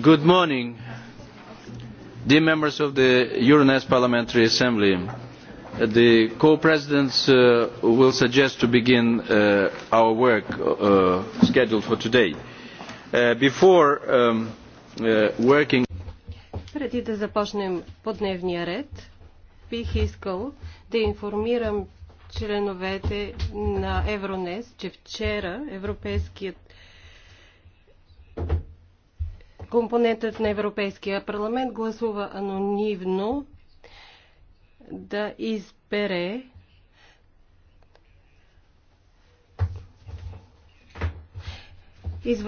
Good morning, dear members of the Euronest Parliamentary Assembly. The co-presidents uh, will suggest to begin uh, our work uh, scheduled for today. Uh, before um, uh, working... Преди да започнем по дневния ред, бих искал да информирам членовете на Евронес, че вчера Европейският компонентът на Европейския парламент гласува анонимно да избере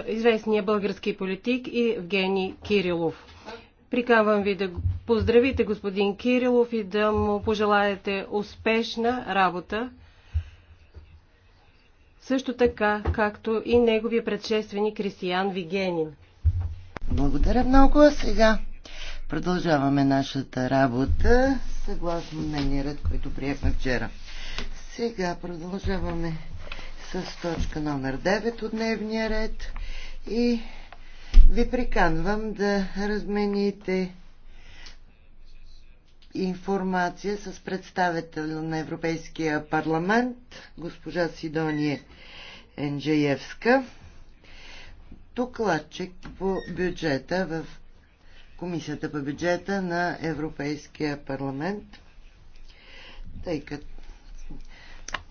известния български политик Евгений Кирилов. Приканвам ви да поздравите господин Кирилов и да му пожелаете успешна работа, също така както и неговия предшественик Кристиян Вигенин. Благодаря много. А сега продължаваме нашата работа съгласно дневния ред, който приехме вчера. Сега продължаваме с точка номер 9 от дневния ред и ви приканвам да размените информация с представител на Европейския парламент, госпожа Сидония Енджеевска докладчик по бюджета в Комисията по бюджета на Европейския парламент, тъй като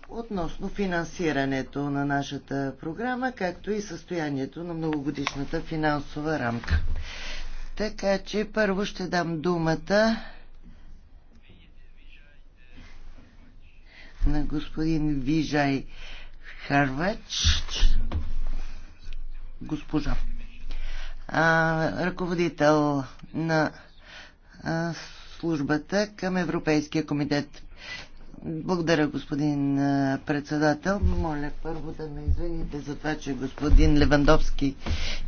относно финансирането на нашата програма, както и състоянието на многогодишната финансова рамка. Така че първо ще дам думата на господин Вижай Харвач госпожа. А, ръководител на а, службата към Европейския комитет. Благодаря, господин председател. Моля първо да ме извините за това, че господин Левандовски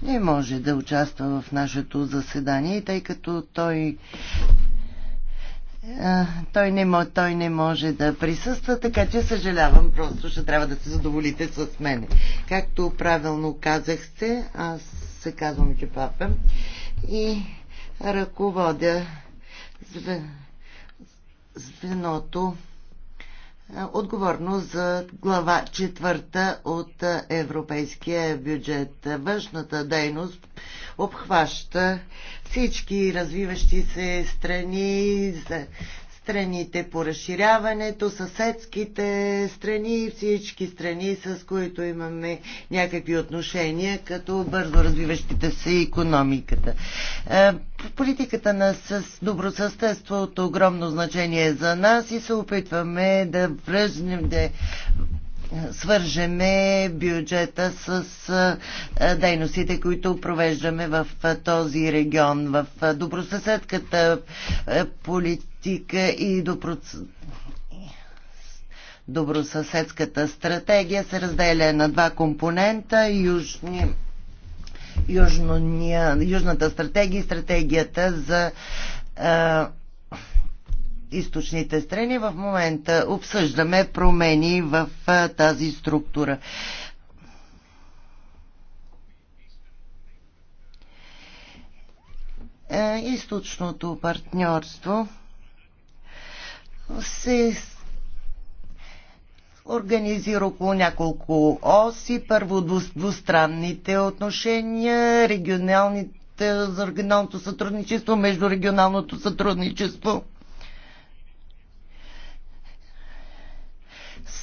не може да участва в нашето заседание, тъй като той той, не, той не може да присъства, така че съжалявам, просто ще трябва да се задоволите с мене. Както правилно казахте, аз се казвам Чепапем и ръководя звеното отговорност за глава четвърта от европейския бюджет. Външната дейност обхваща всички развиващи се страни, страните по разширяването, съседските страни, всички страни, с които имаме някакви отношения, като бързо развиващите се економиката. Е, политиката на добросъседство е от огромно значение за нас и се опитваме да връзнем, да свържеме бюджета с дейностите, които провеждаме в този регион, в добросъседката политика и доброц добросъседската стратегия се разделя на два компонента южни, южно, южната стратегия и стратегията за а, източните страни. В момента обсъждаме промени в тази структура. Е, източното партньорство се организира около няколко оси. Първо двустранните отношения, регионалните, за регионалното сътрудничество, междурегионалното сътрудничество –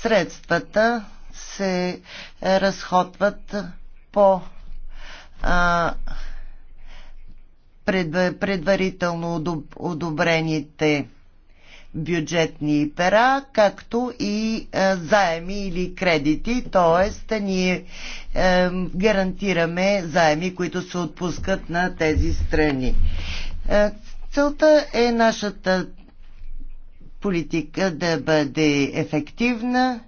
средствата се разходват по а, предварително одобрените бюджетни пера, както и а, заеми или кредити, т.е. ние а, гарантираме заеми, които се отпускат на тези страни. А, целта е нашата политика да бъде ефективна.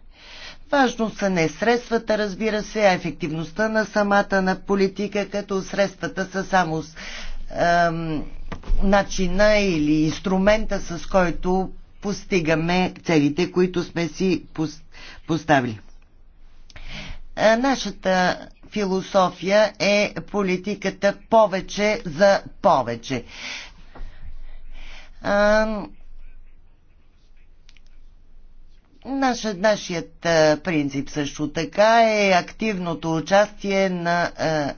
Важно са не средствата, разбира се, а ефективността на самата на политика, като средствата са само ем, начина или инструмента, с който постигаме целите, които сме си поставили. Нашата философия е политиката повече за повече. Наша, нашият принцип също така е активното участие на а,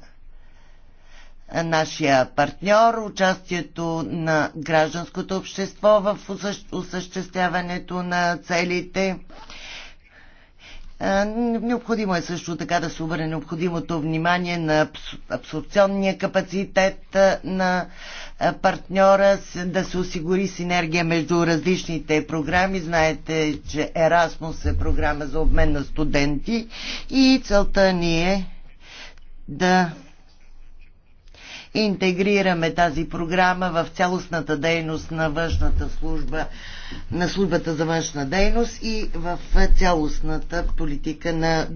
нашия партньор, участието на гражданското общество в осъществяването на целите. Необходимо е също така да се обърне необходимото внимание на абсорбционния капацитет на е, партньора, да се осигури синергия между различните програми. Знаете, че Erasmus е програма за обмен на студенти и целта ни е да интегрираме тази програма в цялостната дейност на външната служба, на службата за външна дейност и в цялостната политика на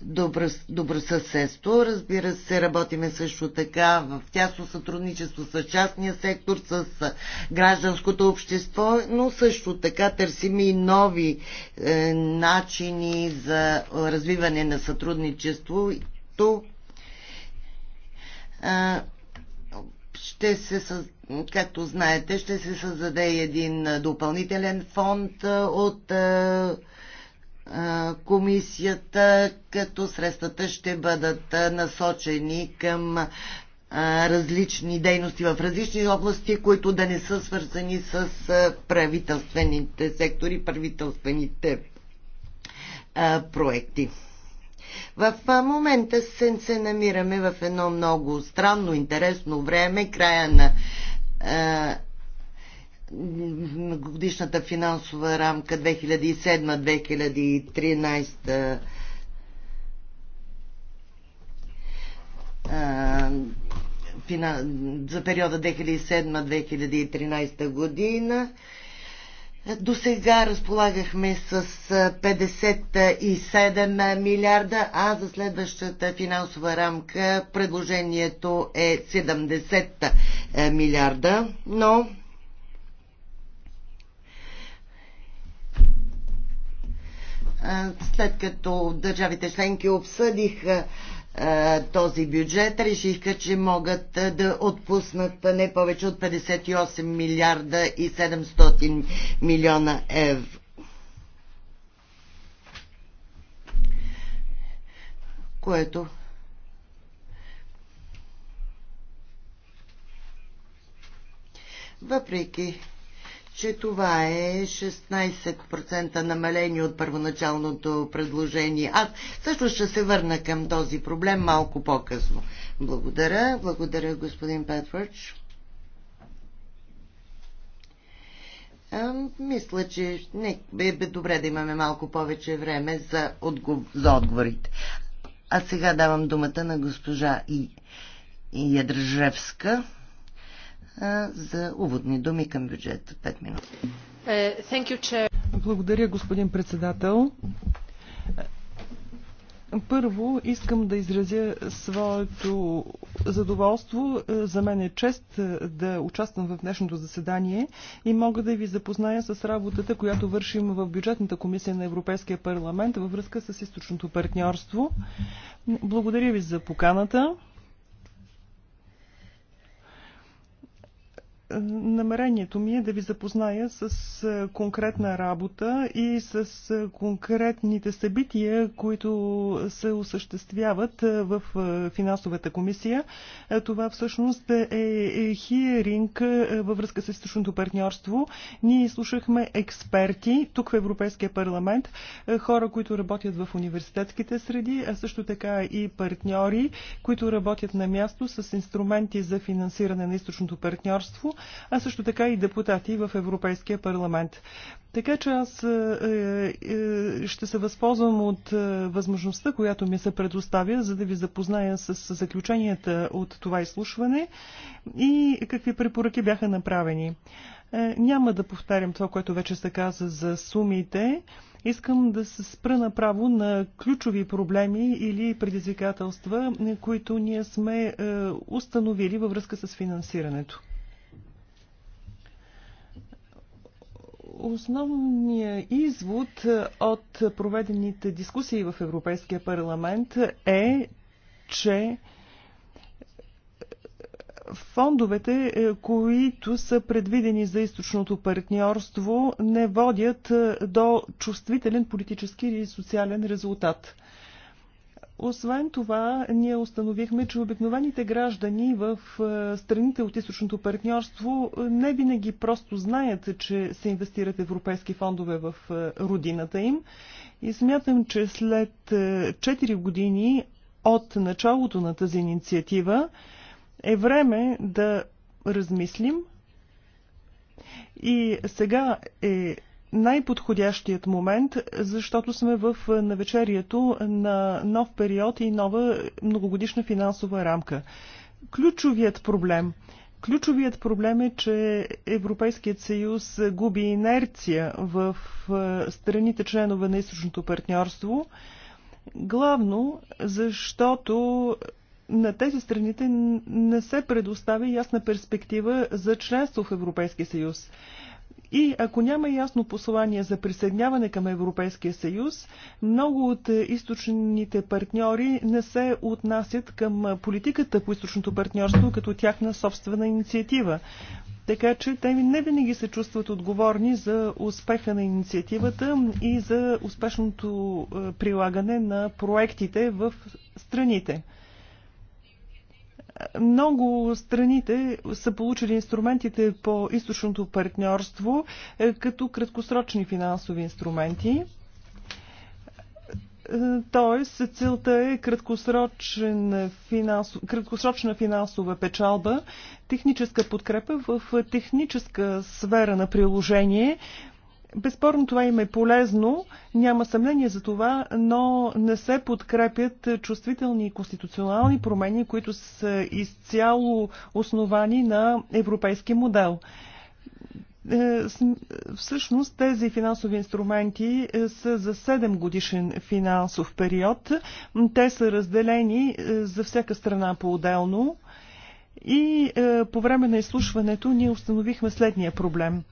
доброс, добросъседство. Разбира се, работиме също така в тясно сътрудничество с частния сектор, с гражданското общество, но също така търсим и нови е, начини за развиване на сътрудничеството. Е, ще се както знаете, ще се създаде един допълнителен фонд от комисията, като средствата ще бъдат насочени към различни дейности в различни области, които да не са свързани с правителствените сектори, правителствените проекти. В момента се, се намираме в едно много странно, интересно време, края на годишната финансова рамка 2007-2013 за периода 2007-2013 година. До сега разполагахме с 57 милиарда, а за следващата финансова рамка предложението е 70 милиарда, но след като държавите членки обсъдиха този бюджет, решиха, че могат да отпуснат не повече от 58 милиарда и 700 милиона евро. Което въпреки че това е 16% намаление от първоначалното предложение. Аз също ще се върна към този проблем малко по-късно. Благодаря. Благодаря, господин Петвърч. Мисля, че не, бе, бе добре да имаме малко повече време за, отгов... за отговорите. А сега давам думата на госпожа И... Ядржевска за уводни думи към бюджета. Пет минути. Е, Благодаря, господин председател. Първо искам да изразя своето задоволство. За мен е чест е, да участвам в днешното заседание и мога да ви запозная с работата, която вършим в бюджетната комисия на Европейския парламент във връзка с източното партньорство. Благодаря ви за поканата. Е, намерението ми е да ви запозная с е, конкретна работа и с е, конкретните събития, които се осъществяват в финансовата комисия. Това всъщност е хиеринг във връзка с източното партньорство. Ние слушахме експерти тук в Европейския парламент, хора, които работят в университетските среди, а също така и партньори, които работят на място с инструменти за финансиране на източното партньорство а също така и депутати в Европейския парламент. Така че аз е, е, ще се възползвам от е, възможността, която ми се предоставя, за да ви запозная с, заключенията от това изслушване и какви препоръки бяха направени. няма да повтарям това, което вече се каза за сумите. Искам да се спра направо на ключови проблеми или предизвикателства, които ние сме установили във връзка с финансирането. Основният извод е, от проведените дискусии в Европейския парламент е, че е, фондовете, е, които са предвидени за източното партньорство, не водят до чувствителен политически или социален резултат. Освен това, ние установихме, че обикновените граждани в е, страните от източното партньорство е, не винаги просто знаят, че се инвестират европейски фондове в е, родината им. И смятам, че след 4 години от началото на тази инициатива е време да размислим. И сега е най-подходящият момент, защото сме в навечерието на нов период и нова многогодишна финансова рамка. Ключовият проблем Ключовият проблем е, че Европейският съюз губи инерция в страните членове на източното партньорство, главно защото на тези страните не се предоставя ясна перспектива за членство в Европейския съюз. И ако няма ясно послание за присъединяване към Европейския съюз, много от е, източните партньори не се отнасят към е, политиката по източното партньорство като тяхна собствена инициатива. Така че те не винаги се чувстват отговорни за успеха на инициативата и за успешното е, прилагане на проектите в страните. Много страните са получили инструментите по източното партньорство е, като краткосрочни финансови инструменти. Е, тоест, целта е краткосрочен финансов, краткосрочна финансова печалба, техническа подкрепа в техническа сфера на приложение, Безспорно това им е полезно, няма съмнение за това, но не се подкрепят чувствителни конституционални промени, които са изцяло основани на европейски модел е, всъщност тези финансови инструменти е, са за 7 годишен финансов период. Те са разделени е, за всяка страна по-отделно. И по време на изслушването ние установихме следния проблем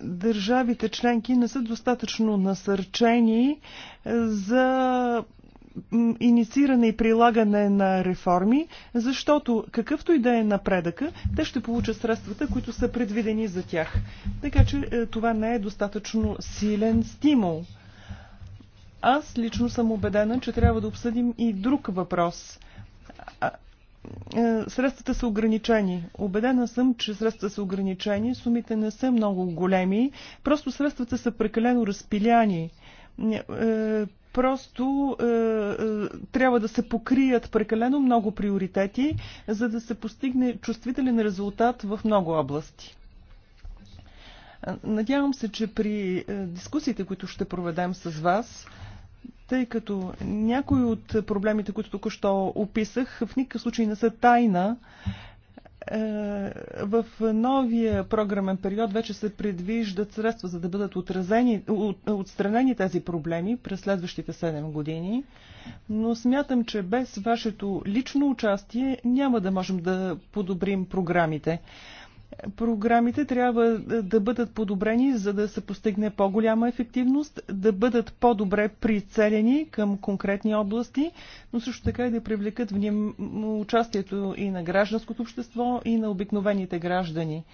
държавите членки не са достатъчно насърчени е, за иницииране и прилагане на реформи, защото какъвто и да е напредъка, те ще получат средствата, които са предвидени за тях. Така че е, това не е достатъчно силен стимул. Аз лично съм убедена, че трябва да обсъдим и друг въпрос. Е, средствата са ограничени. Обедена съм, че средствата са ограничени, сумите не са много големи, просто средствата са прекалено разпиляни. Е, просто е, е, трябва да се покрият прекалено много приоритети, за да се постигне чувствителен резултат в много области. Надявам се, че при дискусиите, които ще проведем с вас, е, тъй като някои от проблемите, които току-що описах, в никакъв случай не са тайна. Е, в новия програмен период вече се предвиждат средства, за да бъдат отразени, отстранени тези проблеми през следващите 7 години. Но смятам, че без вашето лично участие няма да можем да подобрим програмите програмите трябва да бъдат подобрени, за да се постигне по-голяма ефективност, да бъдат по-добре прицелени към конкретни области, но също така и да привлекат вним... участието и на гражданското общество, и на обикновените граждани.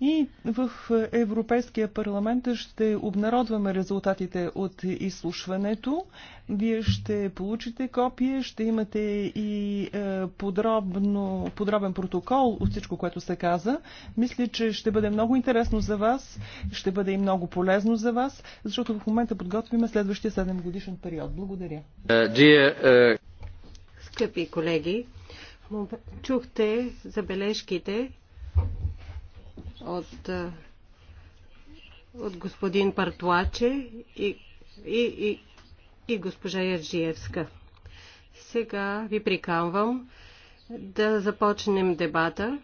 И в Европейския парламент ще обнародваме резултатите от изслушването. Вие ще получите копие, ще имате и е, подробно, подробен протокол от всичко, което се каза. Мисля, че ще бъде много интересно за вас, ще бъде и много полезно за вас, защото в момента подготвяме следващия 7 годишен период. Благодаря. Е, е, Скъпи колеги, чухте забележките от, от господин Партуаче и, и, и, и госпожа Ярджиевска. Сега ви приканвам да започнем дебата.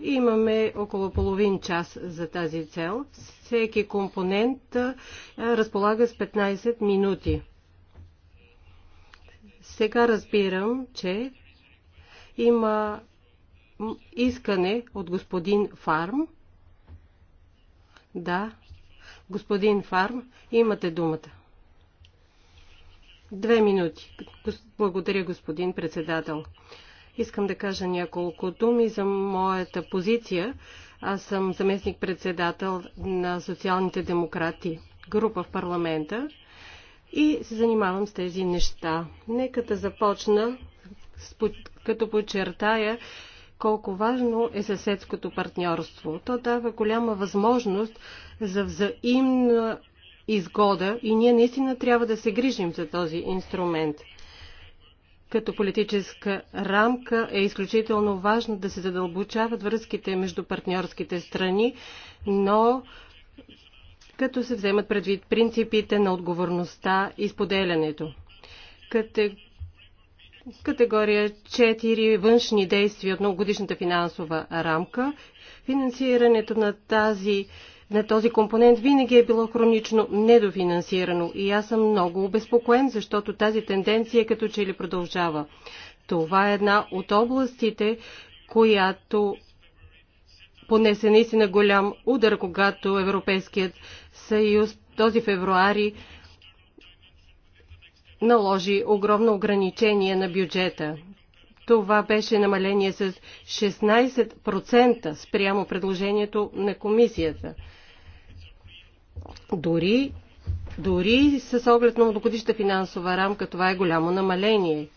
Имаме около половин час за тази цел. Всеки компонент разполага с 15 минути. Сега разбирам, че има искане от господин Фарм. Да, господин Фарм, имате думата. Две минути. Благодаря, господин председател. Искам да кажа няколко думи за моята позиция. Аз съм заместник-председател на социалните демократи, група в парламента и се занимавам с тези неща. Нека да започна като подчертая, колко важно е съседското партньорство. То дава голяма възможност за взаимна изгода и ние наистина трябва да се грижим за този инструмент. Като политическа рамка е изключително важно да се задълбочават връзките между партньорските страни, но като се вземат предвид принципите на отговорността и споделянето. Като Категория 4 външни действия от многогодишната финансова рамка. Финансирането на тази на този компонент винаги е било хронично недофинансирано и аз съм много обезпокоен, защото тази тенденция като че ли продължава. Това е една от областите, която понесе наистина голям удар, когато Европейският съюз този февруари наложи огромно ограничение на бюджета. Това беше намаление с 16% спрямо предложението на комисията. Дори, дори с оглед на многогодишната финансова рамка това е голямо намаление.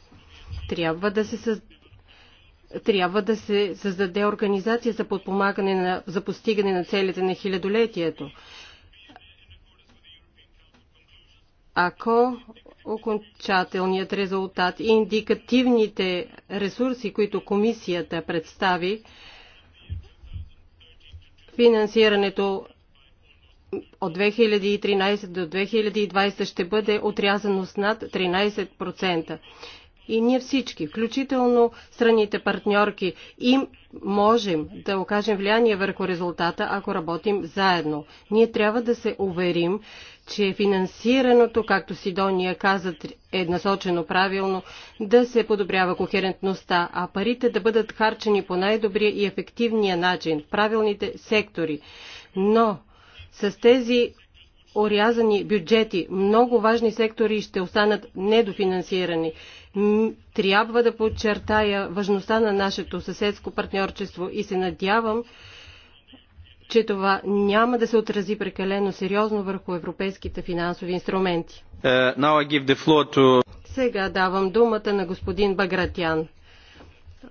Трябва да се създаде трябва да се създаде организация за подпомагане на, за постигане на целите на хилядолетието. Ако окончателният резултат и индикативните ресурси, които комисията представи, финансирането от 2013 до 2020 ще бъде отрязано с над 13%. И ние всички, включително страните партньорки, им можем да окажем влияние върху резултата, ако работим заедно. Ние трябва да се уверим, че финансирането, както Сидония каза, е насочено правилно да се подобрява кохерентността, а парите да бъдат харчени по най-добрия и ефективния начин, в правилните сектори. Но с тези орязани бюджети, много важни сектори ще останат недофинансирани. Трябва да подчертая важността на нашето съседско партньорчество и се надявам, че това няма да се отрази прекалено сериозно върху европейските финансови инструменти. Uh, to... Сега давам думата на господин Багратян.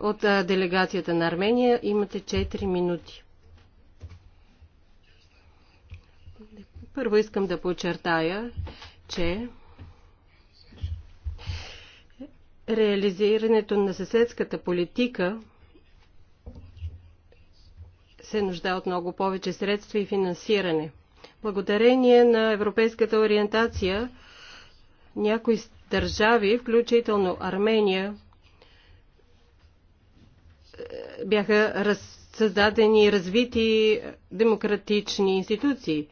От е, делегацията на Армения имате 4 минути. Първо искам да подчертая, че реализирането на съседската политика се нуждае от много повече средства и финансиране. Благодарение на европейската ориентация, някои държави, включително Армения, е, бяха раз, създадени и развити демократични институции.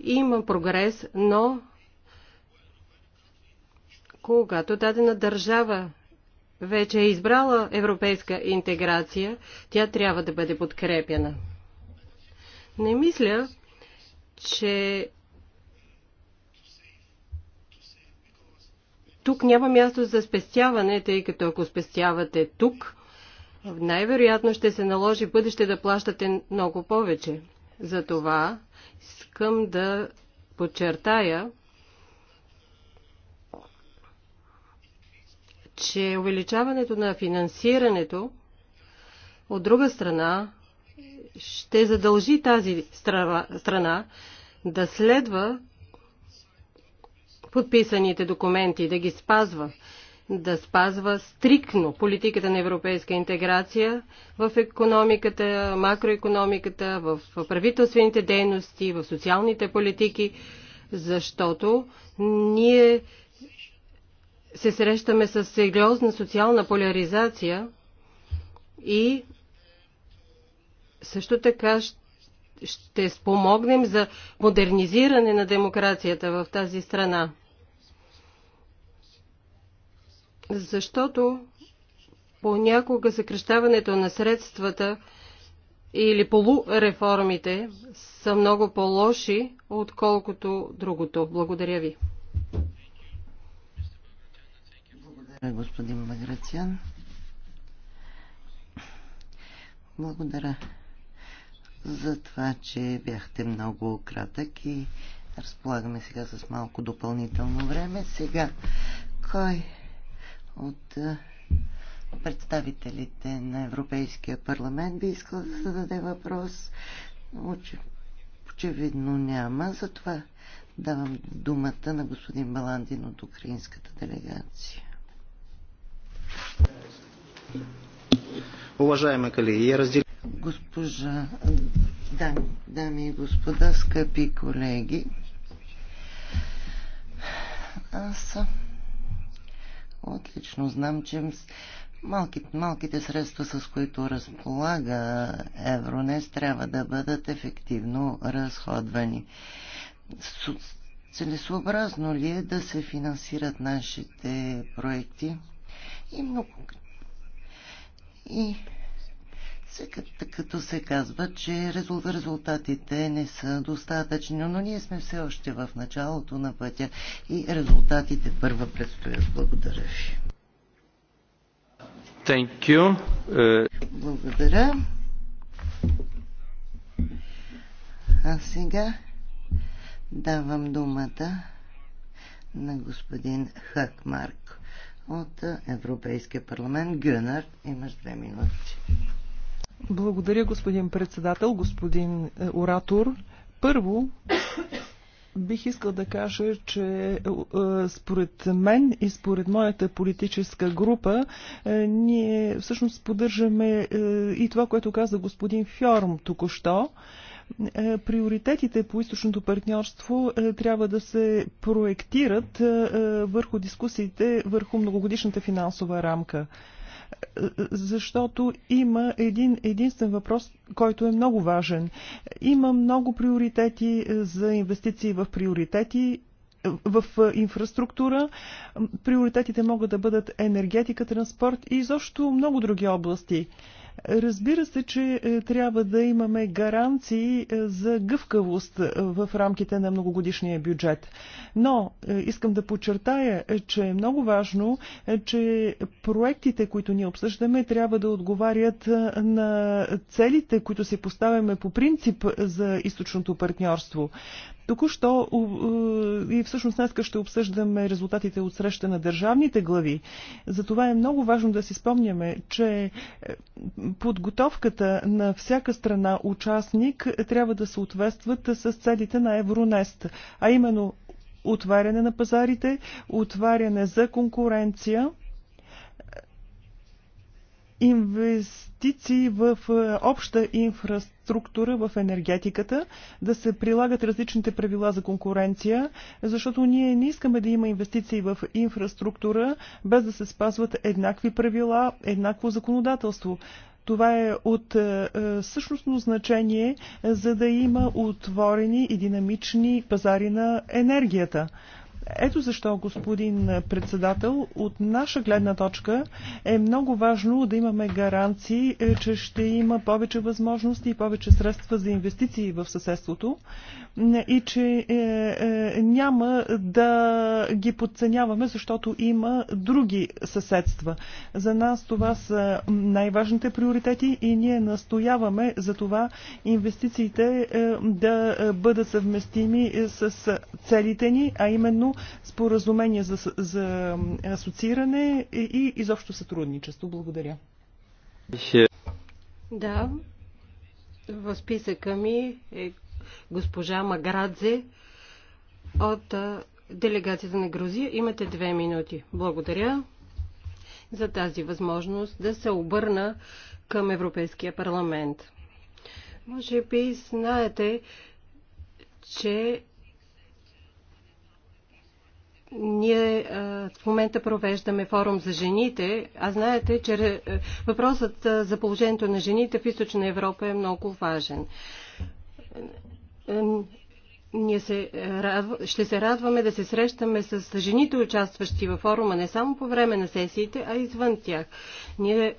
Има прогрес, но когато дадена държава вече е избрала европейска интеграция, тя трябва да бъде подкрепена. Не мисля, че тук няма място за спестяване, тъй като ако спестявате тук, най-вероятно ще се наложи бъдеще да плащате много повече. Затова искам да подчертая, че увеличаването на финансирането от друга страна ще задължи тази страна, да следва подписаните документи, да ги спазва, да спазва стрикно политиката на европейска интеграция в економиката, макроекономиката, в правителствените дейности, в социалните политики, защото ние се срещаме с сериозна социална поляризация и също така ще спомогнем за модернизиране на демокрацията в тази страна. Защото понякога съкрещаването на средствата или полуреформите са много по-лоши, отколкото другото. Благодаря ви. Благодаря, господин Маграциан. Благодаря за това, че бяхте много кратък и разполагаме сега с малко допълнително време. Сега, кой от представителите на Европейския парламент би искал да зададе въпрос? Очевидно няма, затова давам думата на господин Баландин от украинската делегация. Уважаема колеги, я раздел... Госпожа, дами, дами и господа, скъпи колеги, аз отлично знам, че малките, малките средства, с които разполага Евронес, трябва да бъдат ефективно разходвани. Целесообразно ли е да се финансират нашите проекти? и много. И като се казва, че резултатите не са достатъчни, но ние сме все още в началото на пътя и резултатите първа предстоят. Благодаря ви. Thank you. Е, Благодаря. А сега давам думата на господин Хакмарк от Европейския парламент. Гюнар, имаш две минути. Благодаря, господин председател, господин е, оратор. Първо, бих искал да кажа, че е, е, според мен и според моята политическа група ние всъщност поддържаме и това, което каза господин Фьорм току-що. Е, приоритетите по източното партньорство е, трябва да се проектират е, върху дискусиите върху многогодишната финансова рамка. Защото има един единствен въпрос, който е много важен. Има много приоритети за инвестиции в приоритети в инфраструктура. Приоритетите могат да бъдат енергетика, транспорт и изобщо много други области. Разбира се, че е, трябва да имаме гаранции е, за гъвкавост е, в рамките на многогодишния бюджет. Но искам да подчертая, че е много важно, че проектите, които ние обсъждаме, трябва да отговарят на целите, които си поставяме по принцип за източното партньорство. Току-що и всъщност днес ще обсъждаме резултатите от среща на държавните глави. Затова е много важно да си спомняме, че е, подготовката на всяка страна участник трябва да съответстват с целите на Евронест, а именно отваряне на пазарите, отваряне за конкуренция, инвестиции в е, обща инфраструктура в енергетиката, да се прилагат различните правила за конкуренция, защото ние не искаме да има инвестиции в инфраструктура, без да се спазват еднакви правила, еднакво законодателство. Това е от е, е, същностно значение, за да има отворени и динамични пазари на енергията. Ето защо, господин председател, от наша гледна точка е много важно да имаме гаранции, е, че ще има повече възможности и повече средства за инвестиции в съседството и че е, е, няма да ги подценяваме, защото има други съседства. За нас това са най-важните приоритети и ние настояваме за това инвестициите да бъдат съвместими с целите ни, а именно споразумение за, за асоцииране и изобщо сътрудничество. Благодаря. Да, в списъка ми е госпожа Маградзе от делегацията на Грузия. Имате две минути. Благодаря за тази възможност да се обърна към Европейския парламент. Може би знаете, че ние в момента провеждаме форум за жените, а знаете, че е, въпросът за положението на жените в Източна Европа е много важен. Е, ние се, е, ще се радваме да се срещаме с жените, участващи във форума, не само по време на сесиите, а извън тях. Ние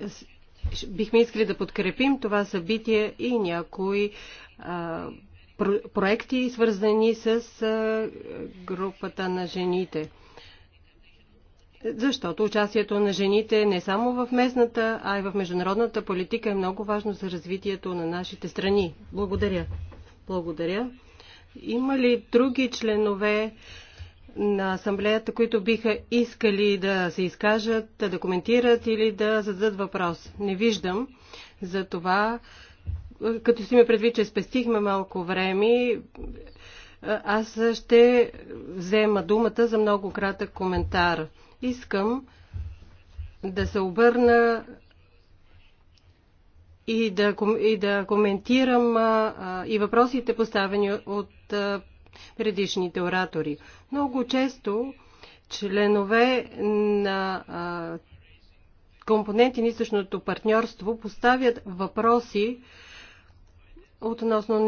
бихме искали да подкрепим това събитие и някои проекти, свързани с групата на жените. Защото участието на жените не само в местната, а и в международната политика е много важно за развитието на нашите страни. Благодаря. Благодаря. Има ли други членове на асамблеята, които биха искали да се изкажат, да коментират или да зададат въпрос? Не виждам. Затова като си ме предвид, че спестихме малко време, аз ще взема думата за много кратък коментар. Искам да се обърна и да, и да коментирам а, и въпросите поставени от а, предишните оратори. Много често членове на а, компоненти на източното партньорство поставят въпроси, а, относно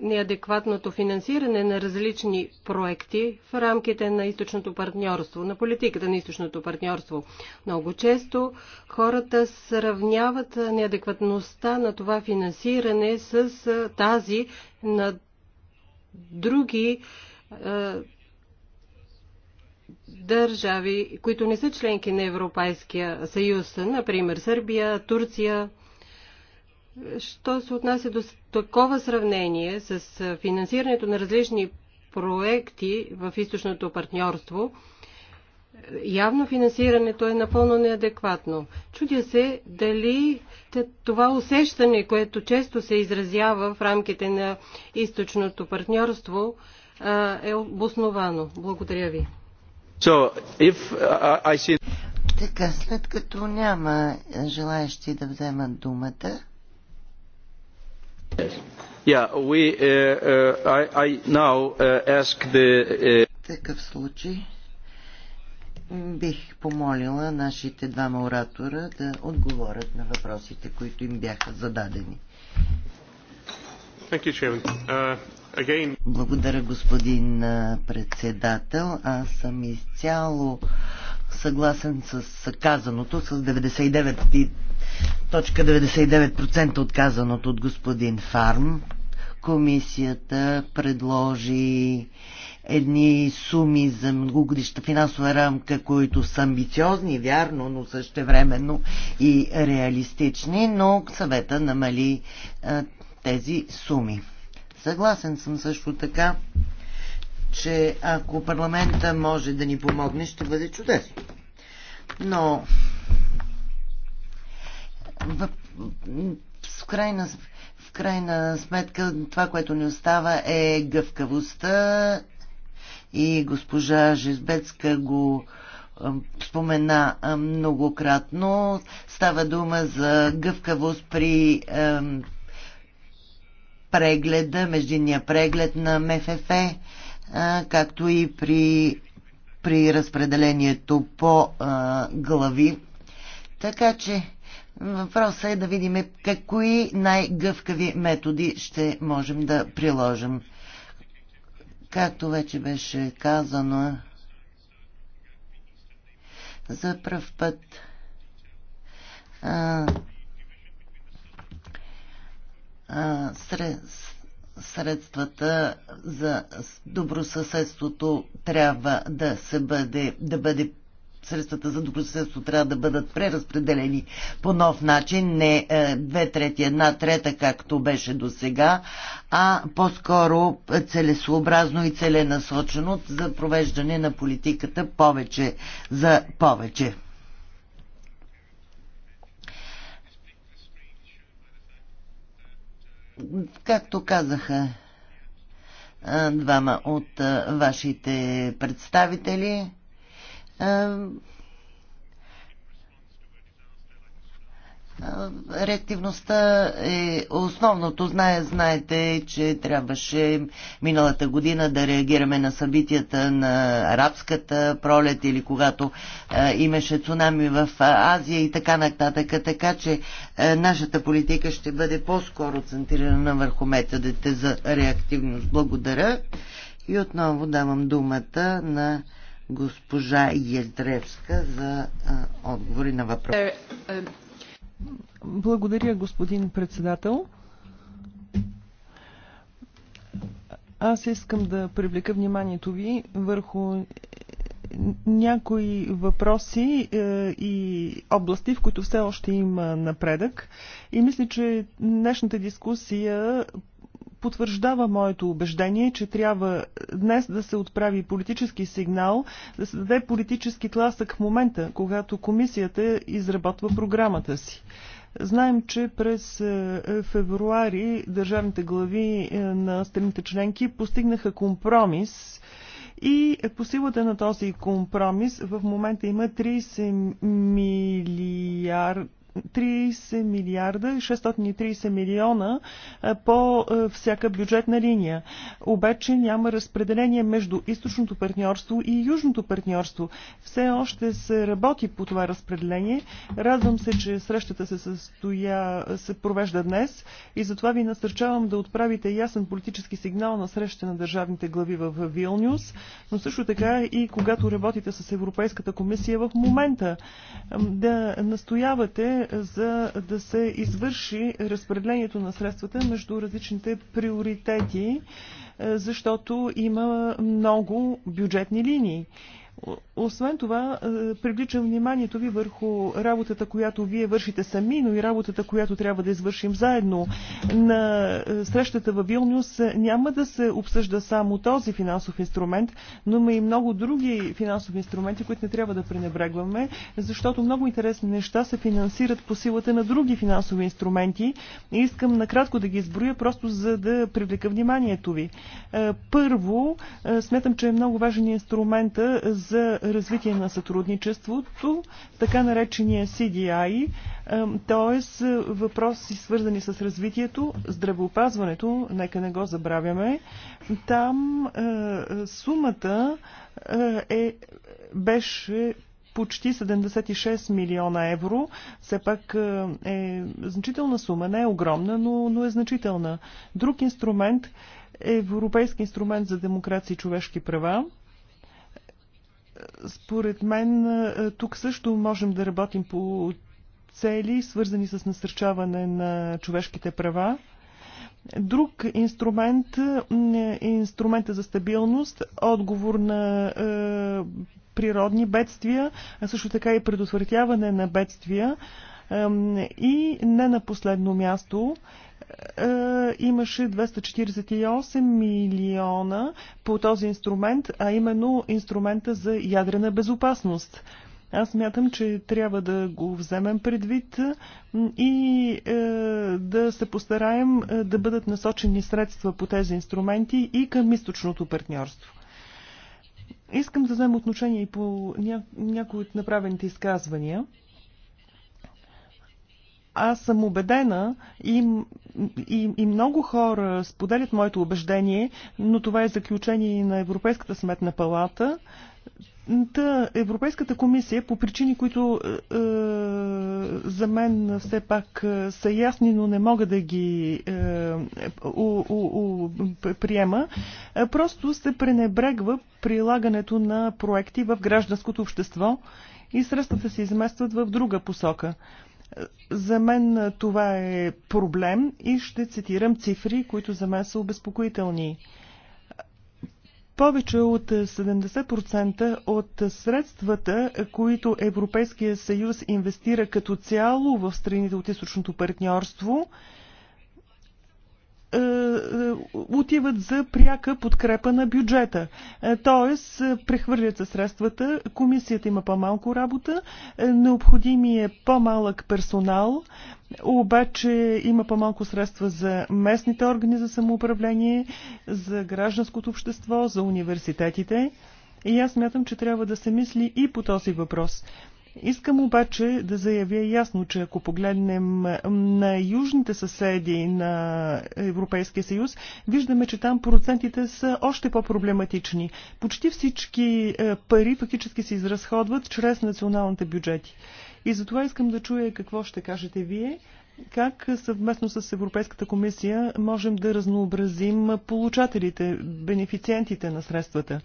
неадекватното финансиране на различни проекти в рамките на източното партньорство, на политиката на източното партньорство. Много често хората сравняват неадекватността на това финансиране с тази на други държави, които не са членки на Европейския съюз, например Сърбия, Турция, Що се отнася до такова сравнение с финансирането на различни проекти в източното партньорство, явно финансирането е напълно неадекватно. Чудя се дали това усещане, което често се изразява в рамките на източното партньорство, е обосновано. Благодаря ви. So, if uh, I see... Така, след като няма желаящи да вземат думата, в такъв случай бих помолила нашите двама оратора да отговорят на въпросите, които им бяха зададени. Uh, Благодаря, господин председател. Аз съм изцяло съгласен с казаното, с 99 Точка 99% отказаното от господин Фарм. Комисията предложи едни суми за многогодишна финансова рамка, които са амбициозни, вярно, но същевременно и реалистични, но съвета намали а, тези суми. Съгласен съм също така, че ако парламента може да ни помогне, ще бъде чудесно. Но в, в, крайна, в крайна сметка това, което ни остава е гъвкавостта и госпожа Жизбецка го спомена многократно. Става дума за гъвкавост при прегледа, междинния преглед на МФФ, както и при, при разпределението по глави. Така че Въпросът е да видим какви най-гъвкави методи ще можем да приложим. Както вече беше казано, за пръв път а, а, сред, средствата за добросъседството трябва да, се бъде, да бъде средствата за добросъседство трябва да бъдат преразпределени по нов начин, не е, две трети, една трета, както беше до сега, а по-скоро целесообразно и целенасочено за провеждане на политиката повече за повече. Както казаха е, двама от е, вашите представители, е, е, реактивността е основното. Знае, знаете, че трябваше миналата година да реагираме на събитията на арабската пролет или когато е, имаше цунами в Азия и така нататък. Така че е, нашата политика ще бъде по-скоро центрирана върху методите за реактивност. Благодаря. И отново давам думата на госпожа Ездревска за отговори на въпроса. Е, е, Благодаря, господин председател. Аз искам да привлека вниманието ви върху някои въпроси е, и области, в които все още има напредък. И мисля, че днешната дискусия потвърждава моето убеждение, че трябва днес да се отправи политически сигнал, да се даде политически тласък в момента, когато комисията изработва програмата си. Знаем, че през е, февруари държавните глави е, на страните членки постигнаха компромис и по силата на този компромис в момента има 30 милиард 30 милиарда и 630 милиона по всяка бюджетна линия. Обаче няма разпределение между източното партньорство и южното партньорство. Все още се работи по това разпределение. Радвам се, че срещата се, състоя, се провежда днес и затова ви насърчавам да отправите ясен политически сигнал на среща на държавните глави в Вилнюс, но също така и когато работите с Европейската комисия в момента да настоявате за да се извърши разпределението на средствата между различните приоритети, е, защото има много бюджетни линии. Освен това, е, привличам вниманието ви върху работата, която вие вършите сами, но и работата, която трябва да извършим заедно. На е, срещата във Вилнюс е, няма да се обсъжда само този финансов инструмент, но има и много други финансови инструменти, които не трябва да пренебрегваме, защото много интересни неща се финансират по силата на други финансови инструменти. И искам накратко да ги изброя, просто за да привлека вниманието ви. Първо, смятам, че е много важен инструмента за развитие на сътрудничеството, така наречения CDI, т.е. въпроси свързани с развитието, здравеопазването, нека не го забравяме. Там е, сумата е, беше почти 76 милиона евро. Все пак е, е значителна сума, не е огромна, но, но е значителна. Друг инструмент е Европейски инструмент за демокрация и човешки права. Според мен е, тук също можем да работим по цели, свързани с насърчаване на човешките права. Друг инструмент е, е инструмента за стабилност, отговор на е, природни бедствия, а също така и предотвратяване на бедствия. Е, и не на последно място е, имаше 248 милиона по този инструмент, а именно инструмента за ядрена безопасност. Аз мятам, че трябва да го вземем предвид и е, да се постараем е, да бъдат насочени средства по тези инструменти и към източното партньорство. Искам да взема отношение и по ня... някои от направените изказвания. Аз съм убедена и, и, и много хора споделят моето убеждение, но това е заключение на Европейската сметна палата. Та Европейската комисия по причини, които е, е, за мен все пак е, са ясни, но не мога да ги е, у, у, у, приема, е, просто се пренебрегва прилагането на проекти в гражданското общество и средствата се изместват в друга посока. За мен това е проблем и ще цитирам цифри, които за мен са обезпокоителни. Повече от 70% от средствата, които Европейския съюз инвестира като цяло в страните от източното партньорство, е, е, отиват за пряка подкрепа на бюджета. Е, тоест, прехвърлят се средствата, комисията има по-малко работа, необходими е по-малък персонал, обаче има по-малко средства за местните органи за самоуправление, за гражданското общество, за университетите. И аз мятам, че трябва да се мисли и по този въпрос. Искам обаче да заявя ясно, че ако погледнем на южните съседи на Европейския съюз, виждаме, че там процентите са още по-проблематични. Почти всички е, пари фактически се изразходват чрез националните бюджети. И затова искам да чуя какво ще кажете вие, как съвместно с Европейската комисия можем да разнообразим получателите, бенефициентите на средствата.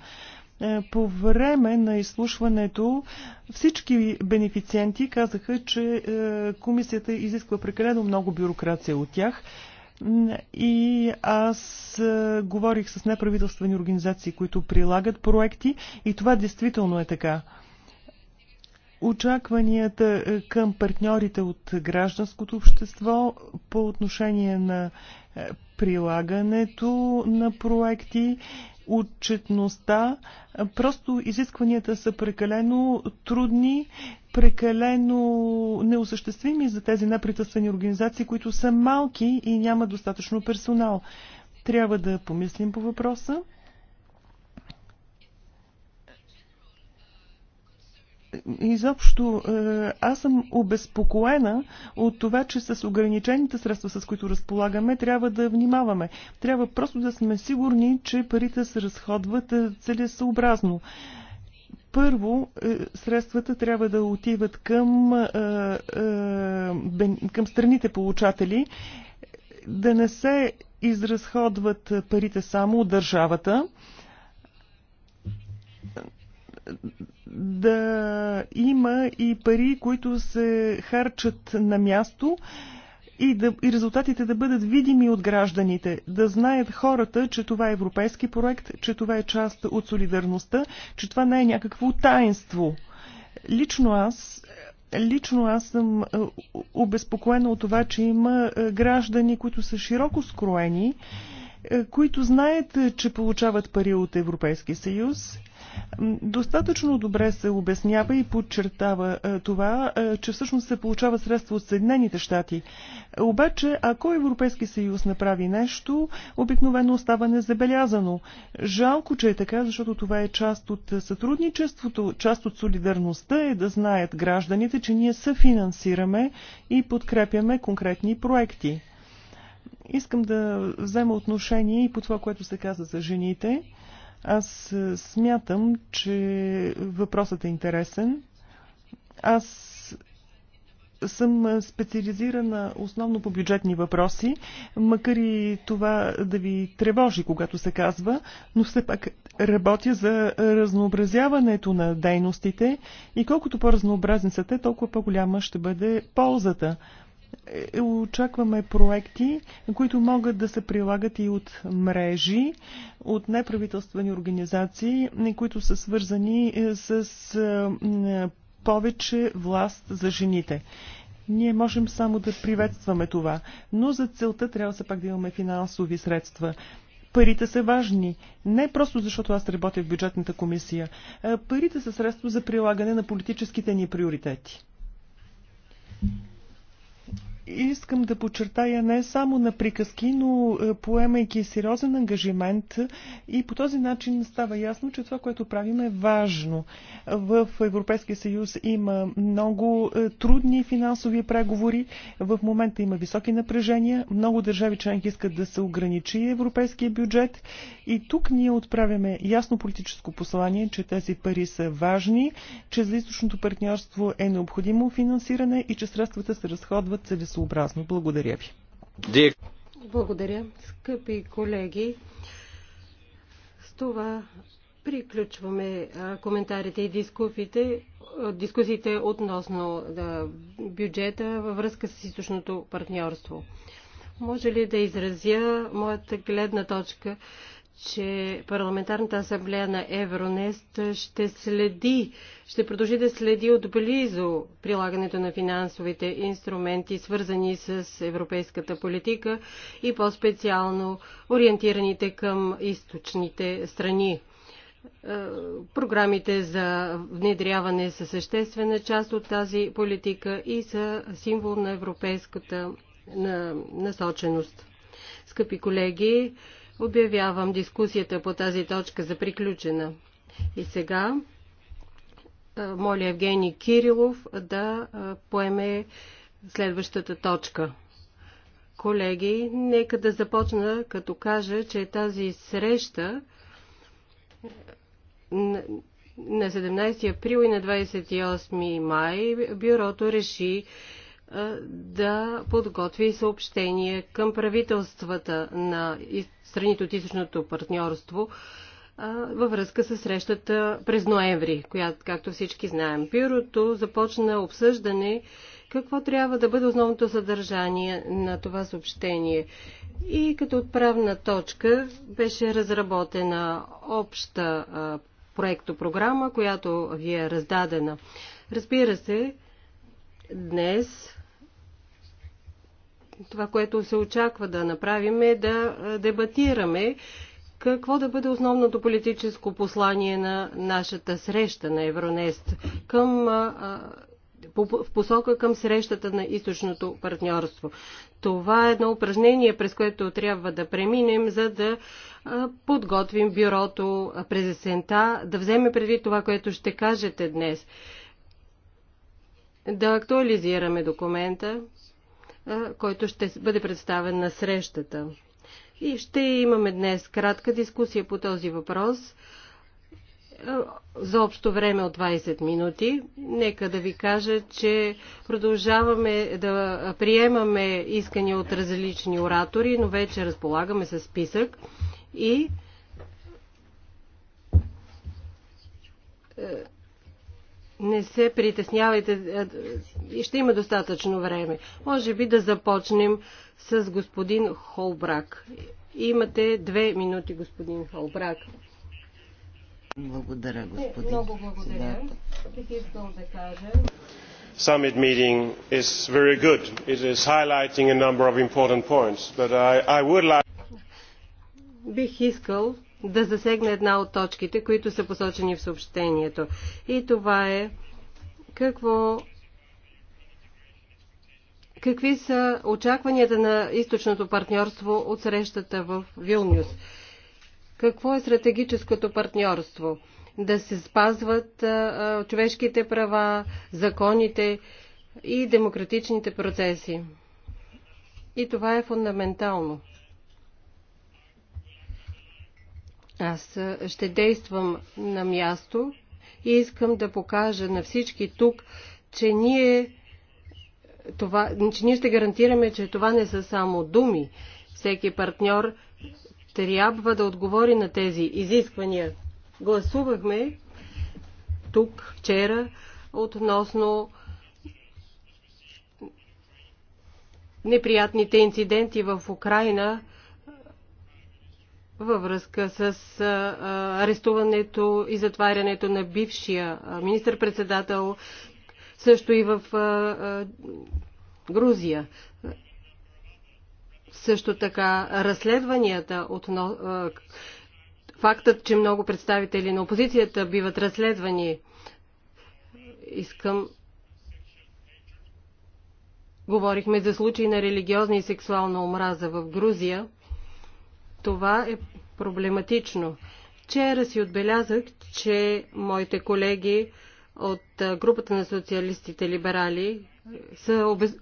Е, по време на изслушването всички бенефициенти казаха, че е, комисията изисква прекалено много бюрокрация от тях. И аз е, говорих с неправителствени организации, които прилагат проекти и това действително е така. Очакванията към партньорите от гражданското общество по отношение на прилагането на проекти отчетността. Просто изискванията са прекалено трудни, прекалено неосъществими за тези непритъствени организации, които са малки и няма достатъчно персонал. Трябва да помислим по въпроса. Изобщо е, аз съм обезпокоена от това, че с ограничените средства, с които разполагаме, трябва да внимаваме. Трябва просто да сме сигурни, че парите се разходват е, целесообразно първо е, средствата трябва да отиват към, към страните получатели, да не се изразходват парите само от държавата, да има и пари, които се харчат на място и, да, и резултатите да бъдат видими от гражданите, да знаят хората, че това е европейски проект, че това е част от солидарността, че това не е някакво таинство. Лично аз Лично аз съм е, обезпокоена от това, че има е, граждани, които са широко скроени, е, които знаят, че получават пари от Европейския съюз Достатъчно добре се обяснява и подчертава е, това, е, че всъщност се получава средства от Съединените щати. Обаче, ако Европейски съюз направи нещо, обикновено остава незабелязано. Жалко, че е така, защото това е част от сътрудничеството, част от солидарността е да знаят гражданите, че ние съфинансираме и подкрепяме конкретни проекти. Искам да взема отношение и по това, което се каза за жените. Аз е, смятам, че въпросът е интересен. Аз съм е, специализирана основно по бюджетни въпроси, макар и това да ви тревожи, когато се казва, но все пак работя за разнообразяването на дейностите и колкото по-разнообразни са те, толкова по-голяма ще бъде ползата. Е, очакваме проекти, които могат да се прилагат и от мрежи, от неправителствени организации, които са свързани е, с е, повече власт за жените. Ние можем само да приветстваме това, но за целта трябва все пак да имаме финансови средства. Парите са важни. Не просто защото аз работя в бюджетната комисия. Парите са средство за прилагане на политическите ни приоритети. Искам да подчертая не само на приказки, но е, поемайки сериозен ангажимент и по този начин става ясно, че това, което правим е важно. В Европейския съюз има много е, трудни финансови преговори. В момента има високи напрежения. Много държави членки искат да се ограничи европейския бюджет. И тук ние отправяме ясно политическо послание, че тези пари са важни, че за източното партньорство е необходимо финансиране и че средствата се разходват целесно целесообразно. Благодаря ви. Благодаря, скъпи колеги. С това приключваме коментарите и дискусиите, дискусиите относно бюджета във връзка с източното партньорство. Може ли да изразя моята гледна точка? че Парламентарната асамблея на Евронест ще следи, ще продължи да следи отблизо прилагането на финансовите инструменти, свързани с европейската политика и по-специално ориентираните към източните страни. Е, програмите за внедряване са съществена част от тази политика и са символ на европейската насоченост. Скъпи колеги, Обявявам дискусията по тази точка за приключена. И сега моля Евгений Кирилов да поеме следващата точка. Колеги, нека да започна като кажа, че тази среща на 17 април и на 28 май бюрото реши да подготви съобщение към правителствата на страните от източното партньорство във връзка с срещата през ноември, която, както всички знаем, бюрото започна обсъждане какво трябва да бъде основното съдържание на това съобщение. И като отправна точка беше разработена обща проектопрограма, която ви е раздадена. Разбира се, днес това, което се очаква да направим е да дебатираме какво да бъде основното политическо послание на нашата среща на Евронест към, в посока към срещата на източното партньорство. Това е едно упражнение, през което трябва да преминем, за да подготвим бюрото през есента, да вземе преди това, което ще кажете днес, да актуализираме документа, който ще бъде представен на срещата. И ще имаме днес кратка дискусия по този въпрос за общо време от 20 минути. Нека да ви кажа, че продължаваме да приемаме искания от различни оратори, но вече разполагаме с списък и е, не се притеснявайте, е, е, ще има достатъчно време. Може би да започнем с господин Холбрак. Имате две минути, господин Холбрак. Благодаря, е, господин. Много благодаря. Бих искал да кажа. Summit meeting is very good. It is highlighting a number of important points, but I, I would like. Бих искал да засегне една от точките, които са посочени в съобщението. И това е какво Какви са очакванията на източното партньорство от срещата в Вилнюс? Какво е стратегическото партньорство? Да се спазват а, човешките права, законите и демократичните процеси. И това е фундаментално. Аз ще действам на място и искам да покажа на всички тук, че ние, това, че ние ще гарантираме, че това не са само думи. Всеки партньор трябва да отговори на тези изисквания. Гласувахме тук вчера относно неприятните инциденти в Украина във връзка с арестуването и затварянето на бившия министър председател също и в Грузия. Също така разследванията а, фактът, че много представители на опозицията биват разследвани. Искам Говорихме за случаи на религиозна и сексуална омраза в Грузия – това е проблематично. Вчера си отбелязах, че моите колеги от групата на социалистите либерали е, са, обез...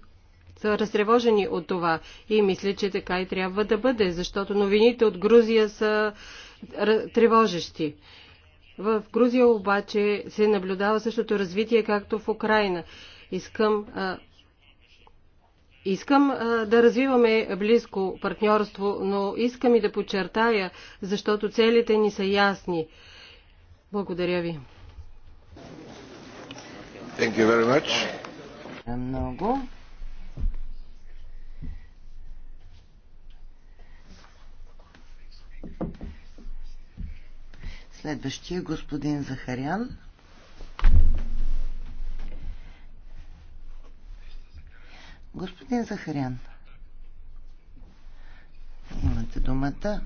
са разтревожени от това и мисля, че така и трябва да бъде, защото новините от Грузия са е, тревожещи. В Грузия обаче се наблюдава същото развитие, както в Украина. Искам а, Искам да развиваме близко партньорство, но искам и да подчертая, защото целите ни са ясни. Благодаря ви. Thank you very much. Много. Следващия е господин Захарян. Господин Захарян, имате думата.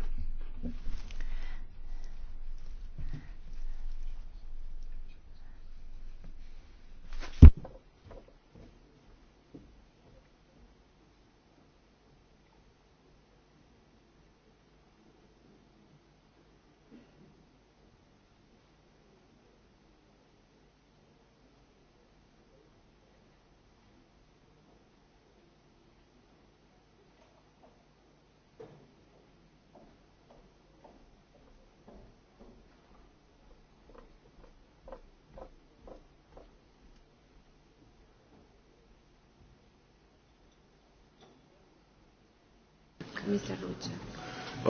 Мисля, Луча.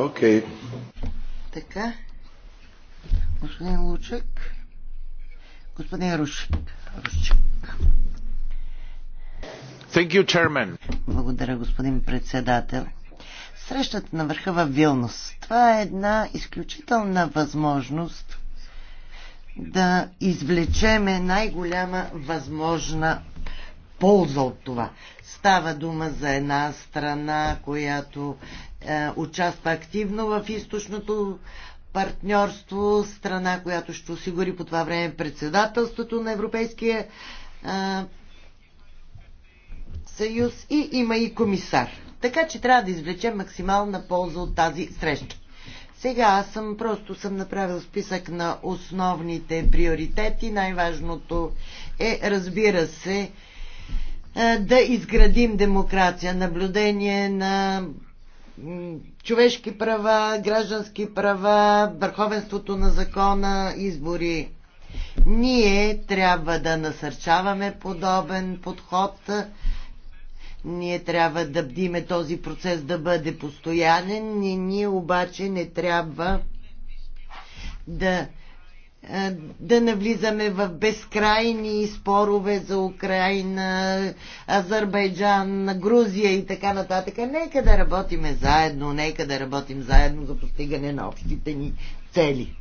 Окей. Okay. Така. Господин Лучек. Господин Рушик. Рушик. Thank you, chairman. Благодаря, господин председател. Срещата на върха в Вилнус. Това е една изключителна възможност да извлечеме най-голяма възможна полза от това. Става дума за една страна, която е, участва активно в източното партньорство, страна, която ще осигури по това време председателството на Европейския е, съюз и има и комисар. Така че трябва да извлечем максимална полза от тази среща. Сега аз съм просто съм направил списък на основните приоритети. Най-важното е, разбира се, е, да изградим демокрация, наблюдение на човешки права, граждански права, върховенството на закона, избори. Ние трябва да насърчаваме подобен подход. Ние трябва да бдиме този процес да бъде постоянен. Ние, ние обаче не трябва да е, да навлизаме в безкрайни спорове за Украина, Азербайджан, Грузия и така нататък. Нека да работиме заедно, нека да работим заедно за постигане на общите ни цели.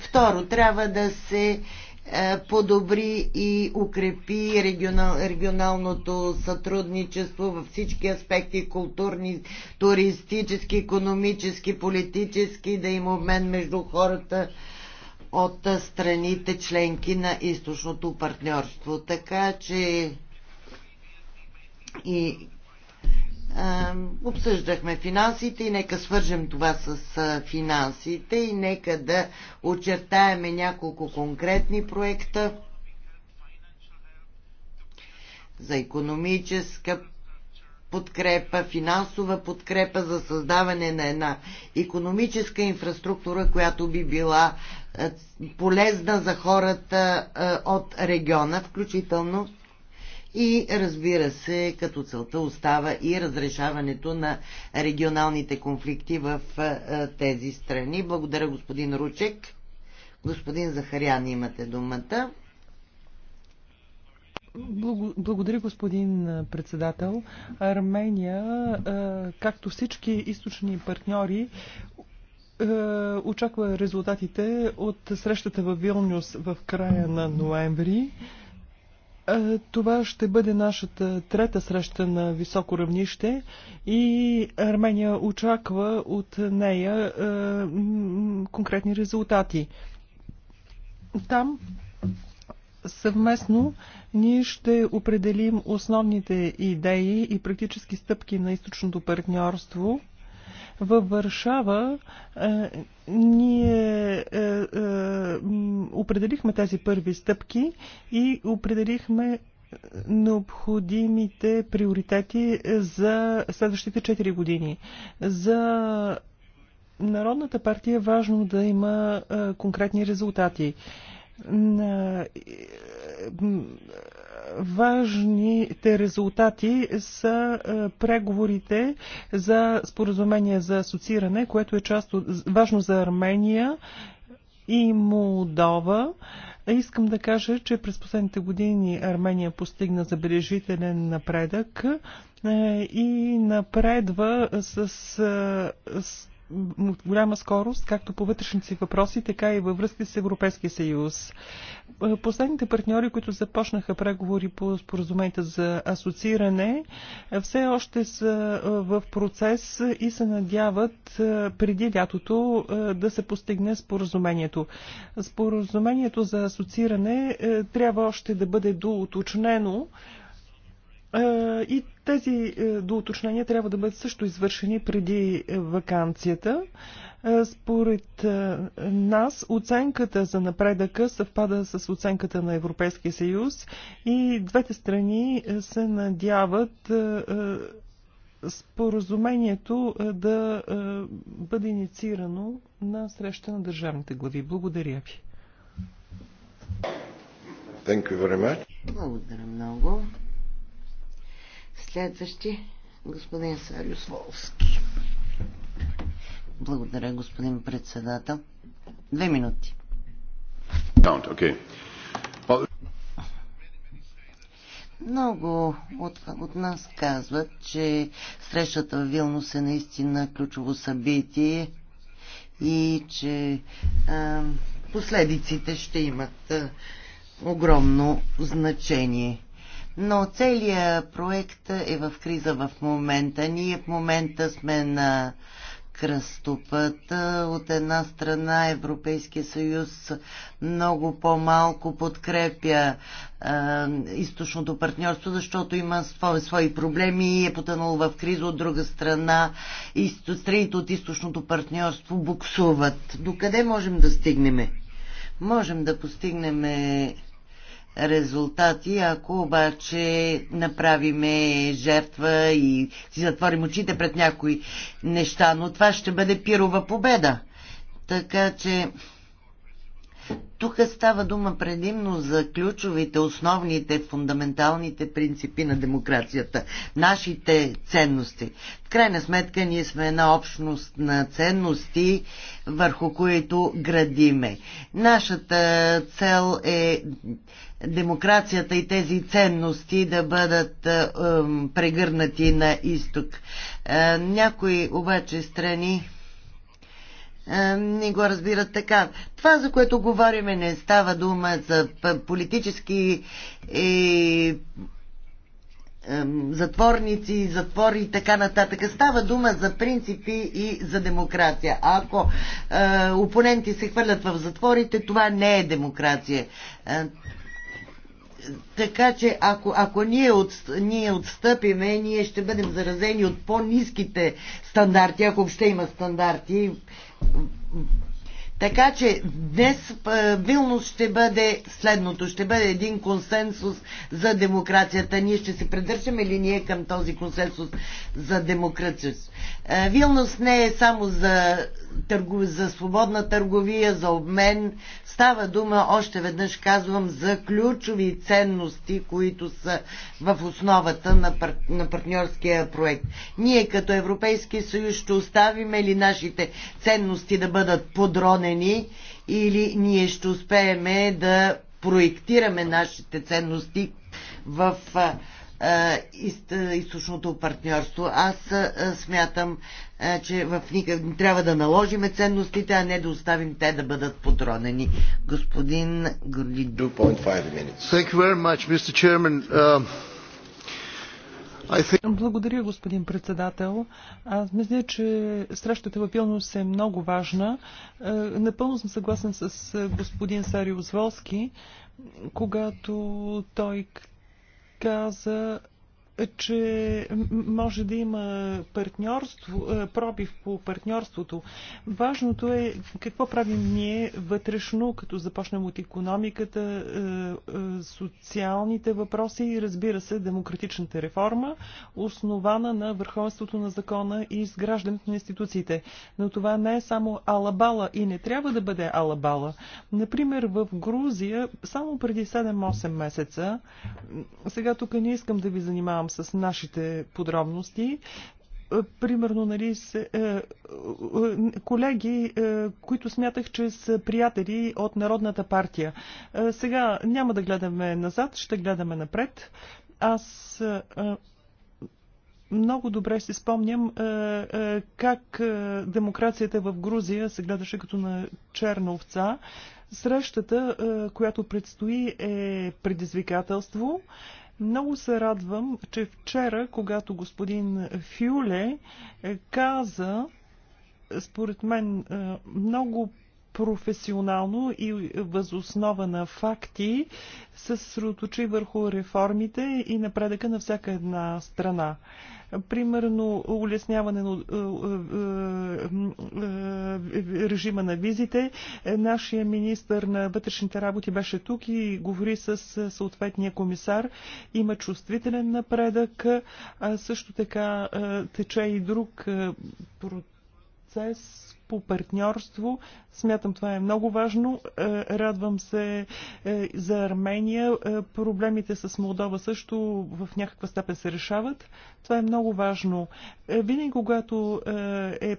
Второ, трябва да се е, подобри и укрепи регионал, регионалното сътрудничество във всички аспекти културни, туристически, економически, политически, да има обмен между хората от страните членки на източното партньорство. Така че и а, обсъждахме финансите и нека свържем това с а, финансите и нека да очертаеме няколко конкретни проекта за економическа подкрепа, финансова подкрепа за създаване на една економическа инфраструктура, която би била е, полезна за хората е, от региона, включително и разбира се, като целта остава и разрешаването на регионалните конфликти в е, тези страни. Благодаря господин Ручек. Господин Захарян, имате думата. Благодаря, господин председател. Армения, както всички източни партньори, очаква резултатите от срещата в Вилнюс в края на ноември. Това ще бъде нашата трета среща на високо равнище и Армения очаква от нея конкретни резултати. Там Съвместно ние ще определим основните идеи и практически стъпки на източното партньорство. Във Варшава е, ние е, е, определихме тези първи стъпки и определихме необходимите приоритети за следващите 4 години. За Народната партия е важно да има е, конкретни резултати на е, важните резултати са е, преговорите за споразумение за асоцииране, което е част от, важно за Армения и Молдова. Искам да кажа, че през последните години Армения постигна забележителен напредък е, и напредва с от голяма скорост, както по вътрешници въпроси, така и във връзка с Европейския съюз. Последните партньори, които започнаха преговори по споразумението за асоцииране, все още са в процес и се надяват преди лятото да се постигне споразумението. Споразумението за асоцииране трябва още да бъде доуточнено, и тези е, доуточнения трябва да бъдат също извършени преди е, вакансията. Според е, нас оценката за напредъка съвпада с оценката на Европейския съюз и двете страни се надяват споразумението да бъде инициирано на среща на държавните глави. Благодаря ви. Благодаря много. Следващи господин Сариус Волски. Благодаря, господин председател. Две минути. Okay. Много от, от нас казват, че срещата в Вилнус е наистина ключово събитие и че а, последиците ще имат а, огромно значение. Но целият проект е в криза в момента. Ние в момента сме на кръстопът. От една страна Европейския съюз много по-малко подкрепя е, източното партньорство, защото има свои, свои проблеми и е потънал в криза. От друга страна изто, страните от източното партньорство буксуват. Докъде можем да стигнем? Можем да постигнем резултати, ако обаче направиме жертва и си затворим очите пред някои неща, но това ще бъде пирова победа. Така че тук става дума предимно за ключовите, основните, фундаменталните принципи на демокрацията, нашите ценности. В крайна сметка ние сме една общност на ценности, върху които градиме. Нашата цел е демокрацията и тези ценности да бъдат е, прегърнати на изток. Е, някои обаче страни е, не го разбират така. Това, за което говориме, не става дума за политически е, затворници, затвори и така нататък. Става дума за принципи и за демокрация. А ако е, опоненти се хвърлят в затворите, това не е демокрация. Е, така че ако, ако ние, от, ние отстъпиме, ние ще бъдем заразени от по-низките стандарти, ако въобще има стандарти. Така че днес Вилнус ще бъде следното, ще бъде един консенсус за демокрацията. Ние ще се придържаме ли ние към този консенсус за демокрацията? Вилнус не е само за търгу, за свободна търговия, за обмен. Става дума, още веднъж казвам, за ключови ценности, които са в основата на, пар, на партньорския проект. Ние като Европейски съюз ще оставим ли нашите ценности да бъдат подронени или ние ще успееме да проектираме нашите ценности в а, източното партньорство. Аз смятам, че в никак... трябва да наложиме ценностите, а не да оставим те да бъдат подронени. Господин Горлин. 2.5 um, благодаря, господин председател. Аз мисля, че срещата във Вилнюс е много важна. Е, напълно съм съгласен с е, господин Сариус Волски, когато той каза че може да има партньорство, е, пробив по партньорството. Важното е какво правим ние вътрешно, като започнем от економиката, е, е, социалните въпроси и разбира се демократичната реформа, основана на върховенството на закона и изграждането на институциите. Но това не е само алабала и не трябва да бъде алабала. Например, в Грузия, само преди 7-8 месеца, сега тук не искам да ви занимавам с нашите подробности е, примерно, нали, с, е, е, е, колеги, е, които смятах, че са приятели от Народната партия. Е, сега няма да гледаме назад, ще гледаме напред. Аз е, много добре си спомням е, е, как е, демокрацията в Грузия се гледаше като на черна овца. Срещата, е, която предстои, е предизвикателство. Е, много се радвам, че вчера, когато господин Фюле е, каза, според мен, е, много професионално и възоснова на факти се съсредоточи върху реформите и напредъка на всяка една страна. Примерно улесняване на е, е, е, режима на визите. Нашия министр на вътрешните работи беше тук и говори с съответния комисар. Има чувствителен напредък. Също така тече и друг процес, по партньорство. Смятам, това е много важно. Е, радвам се е, за Армения. Е, проблемите с Молдова също в някаква степен се решават. Това е много важно. Винаги, когато е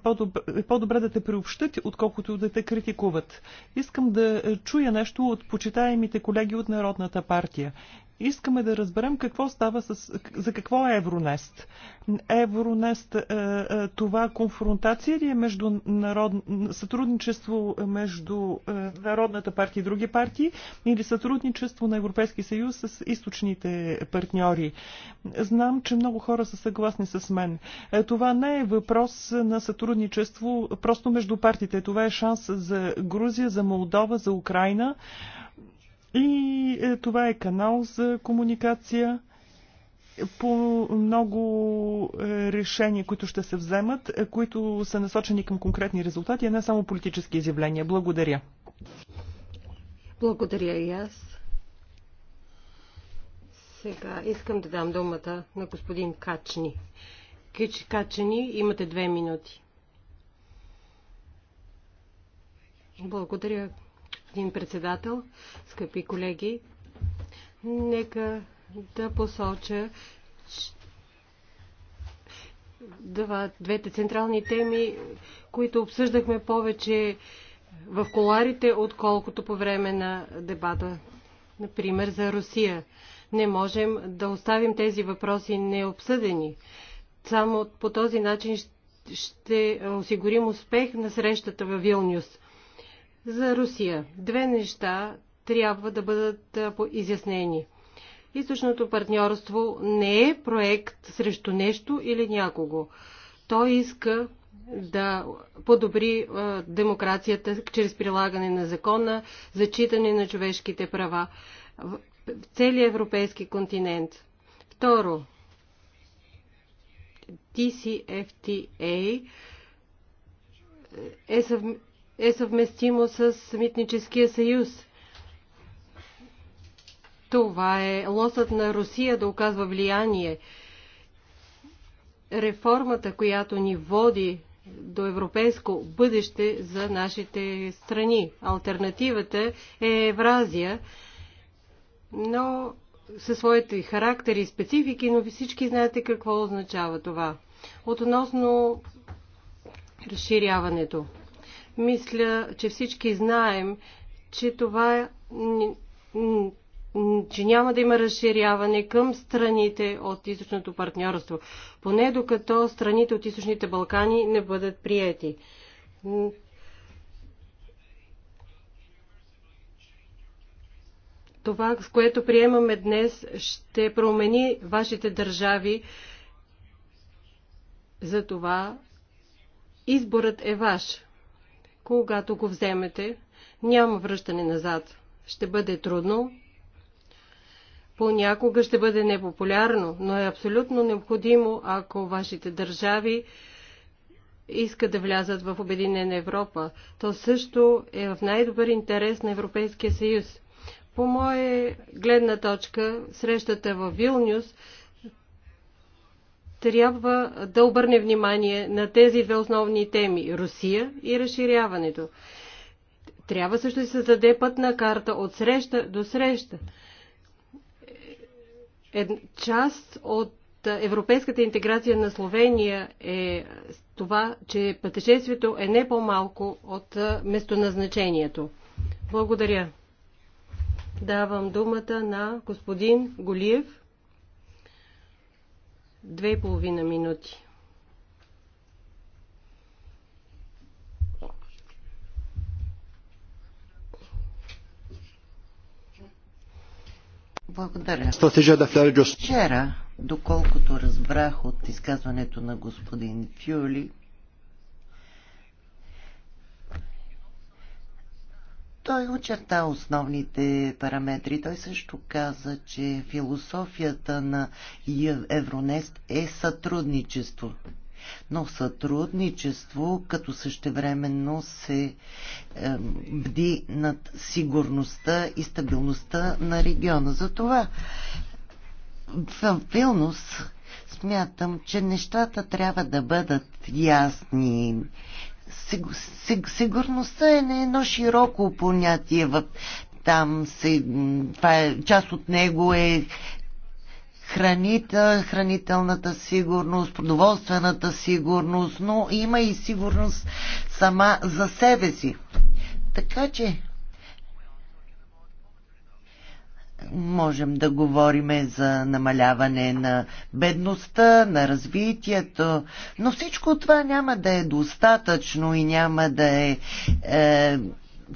по-добре, да те приобщат, отколкото да те критикуват. Искам да чуя нещо от почитаемите колеги от Народната партия. Искаме да разберем какво става с... За какво е Евронест? Евронест, е, е, това конфронтация ли е между народ... сътрудничество между е, Народната партия и други партии или сътрудничество на Европейски съюз с източните партньори? Знам, че много хора са съгласни с мен. Това не е въпрос на сътрудничество просто между партиите. Това е шанс за Грузия, за Молдова, за Украина и е, това е канал за комуникация по много е, решения, които ще се вземат, е, които са насочени към конкретни резултати, а не само политически изявления. Благодаря. Благодаря и аз. Сега искам да дам думата на господин Качни. Кич Качени, имате две минути. Благодаря, господин председател, скъпи колеги. Нека да посоча двете централни теми, които обсъждахме повече в коларите, отколкото по време на дебата. Например, за Русия. Не можем да оставим тези въпроси необсъдени. Само по този начин ще осигурим успех на срещата във Вилнюс. За Русия две неща трябва да бъдат изяснени. Източното партньорство не е проект срещу нещо или някого. Той иска да подобри демокрацията чрез прилагане на закона, зачитане на човешките права в целия европейски континент. Второ, TCFTA е съвместно е съвместимо с Митническия съюз. Това е лосът на Русия да оказва влияние. Реформата, която ни води до европейско бъдеще за нашите страни. Альтернативата е Евразия, но със своите характери и специфики, но всички знаете какво означава това. Относно разширяването. Мисля, че всички знаем, че това че няма да има разширяване към страните от източното партньорство, поне докато страните от източните Балкани не бъдат приети. Това, с което приемаме днес, ще промени вашите държави. за това изборът е ваш когато го вземете, няма връщане назад. Ще бъде трудно. Понякога ще бъде непопулярно, но е абсолютно необходимо, ако вашите държави искат да влязат в Обединена Европа. То също е в най-добър интерес на Европейския съюз. По моя гледна точка, срещата в Вилнюс трябва да обърне внимание на тези две основни теми – Русия и разширяването. Трябва също да се създаде пътна карта от среща до среща. Ед, част от европейската интеграция на Словения е това, че пътешествието е не по-малко от местоназначението. Благодаря. Давам думата на господин Голиев. Две и половина минути. Благодаря. Вчера, доколкото разбрах от изказването на господин Фюли, Той очерта основните параметри. Той също каза, че философията на Евронест е сътрудничество. Но сътрудничество, като същевременно се е, бди над сигурността и стабилността на региона. Затова в Вилнус смятам, че нещата трябва да бъдат ясни сигурността е не едно широко понятие. В, там се, това е, част от него е хранита, хранителната сигурност, продоволствената сигурност, но има и сигурност сама за себе си. Така че можем да говорим за намаляване на бедността, на развитието, но всичко това няма да е достатъчно и няма да е, е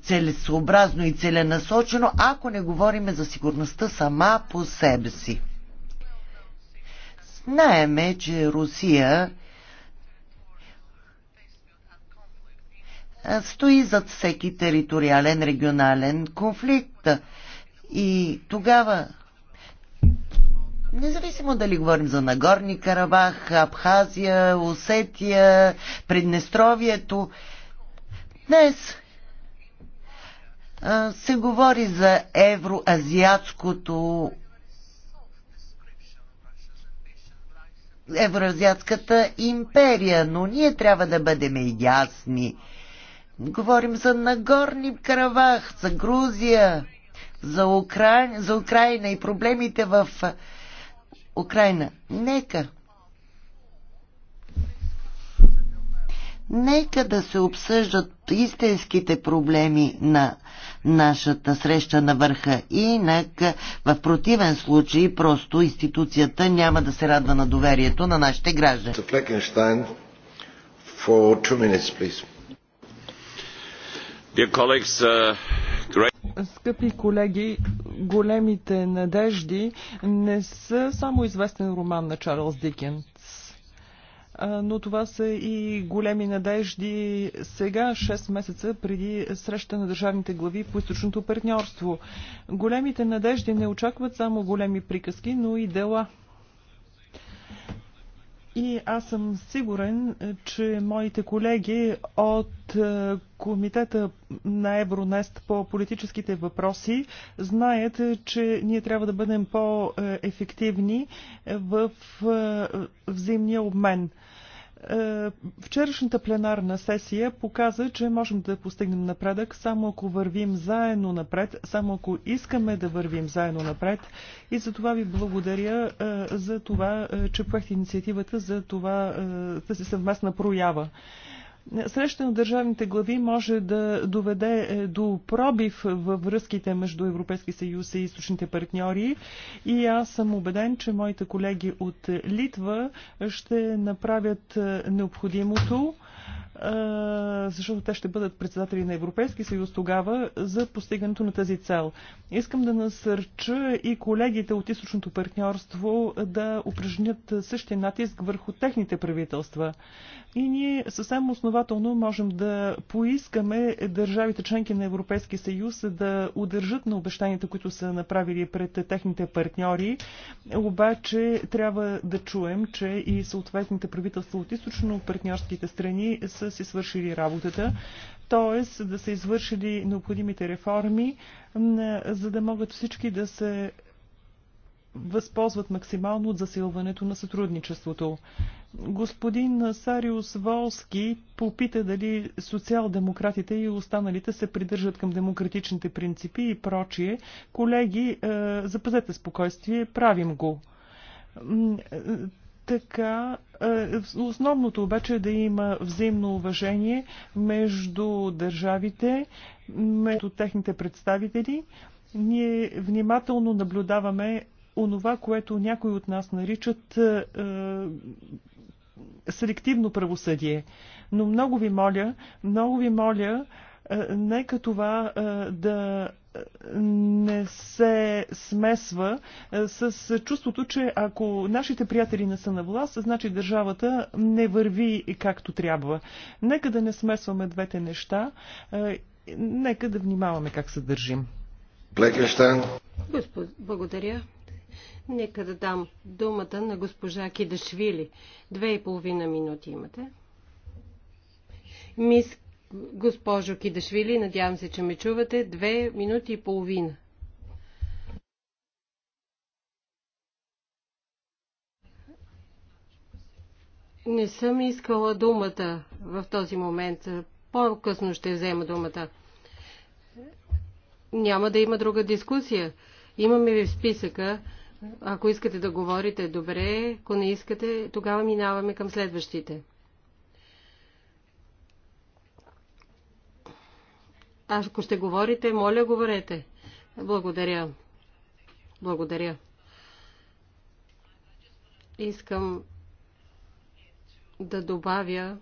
целесообразно и целенасочено, ако не говорим за сигурността сама по себе си. Знаеме, че Русия е, стои зад всеки териториален регионален конфликт. И тогава, независимо дали говорим за Нагорни Карабах, Абхазия, Осетия, Приднестровието, днес се говори за евроазиатското евроазиатската империя, но ние трябва да бъдем ясни. Говорим за Нагорни Каравах, за Грузия за, Укра... за Украина и проблемите в Украина. Нека. Нека да се обсъждат истинските проблеми на нашата среща на върха. Инак в противен случай просто институцията няма да се радва на доверието на нашите граждани. Uh, great. Скъпи колеги, големите надежди не са само известен роман на Чарлз Дикенс. Но това са и големи надежди сега, 6 месеца преди среща на държавните глави по източното партньорство. Големите надежди не очакват само големи приказки, но и дела. И аз съм сигурен, е, че моите колеги от е, Комитета на Евронест по политическите въпроси знаят, е, че ние трябва да бъдем по-ефективни в взаимния обмен. Е, вчерашната пленарна сесия показа, че можем да постигнем напредък само ако вървим заедно напред, само ако искаме да вървим заедно напред. И за това ви благодаря е, за това, е, че поехте инициативата за това, тази съвместна проява среща на държавните глави може да доведе е, до пробив във връзките между Европейски съюз и източните партньори и аз съм убеден, че моите колеги от Литва ще направят е, необходимото защото те ще бъдат председатели на Европейски съюз тогава за постигането на тази цел. Искам да насърча и колегите от източното партньорство да упражнят същия натиск върху техните правителства. И ние съвсем основателно можем да поискаме държавите членки на Европейски съюз да удържат на обещанията, които са направили пред техните партньори. Обаче трябва да чуем, че и съответните правителства от източно партньорските страни са са си свършили работата, т.е. да са извършили необходимите реформи, за да могат всички да се възползват максимално от засилването на сътрудничеството. Господин Сариус Волски попита дали социал-демократите и останалите се придържат към демократичните принципи и прочие. Колеги, е, запазете спокойствие, правим го. Така, е, основното обаче е да има взаимно уважение между държавите, между техните представители. Ние внимателно наблюдаваме онова, което някои от нас наричат е, е селективно правосъдие. Но много ви моля, много ви моля, е, нека това е, да не се смесва е, с чувството, че ако нашите приятели не са на власт, значи държавата не върви както трябва. Нека да не смесваме двете неща. Е, нека да внимаваме как се държим. Блекенштайн. Господ... Благодаря. Нека да дам думата на госпожа Кидашвили. Две и половина минути имате. Мис Госпожо Кидашвили, надявам се, че ме чувате. Две минути и половина. Не съм искала думата в този момент. По-късно ще взема думата. Няма да има друга дискусия. Имаме ви в списъка. Ако искате да говорите, добре. Ако не искате, тогава минаваме към следващите. Ако ще говорите, моля, говорете. Благодаря. Благодаря. Искам да добавя е,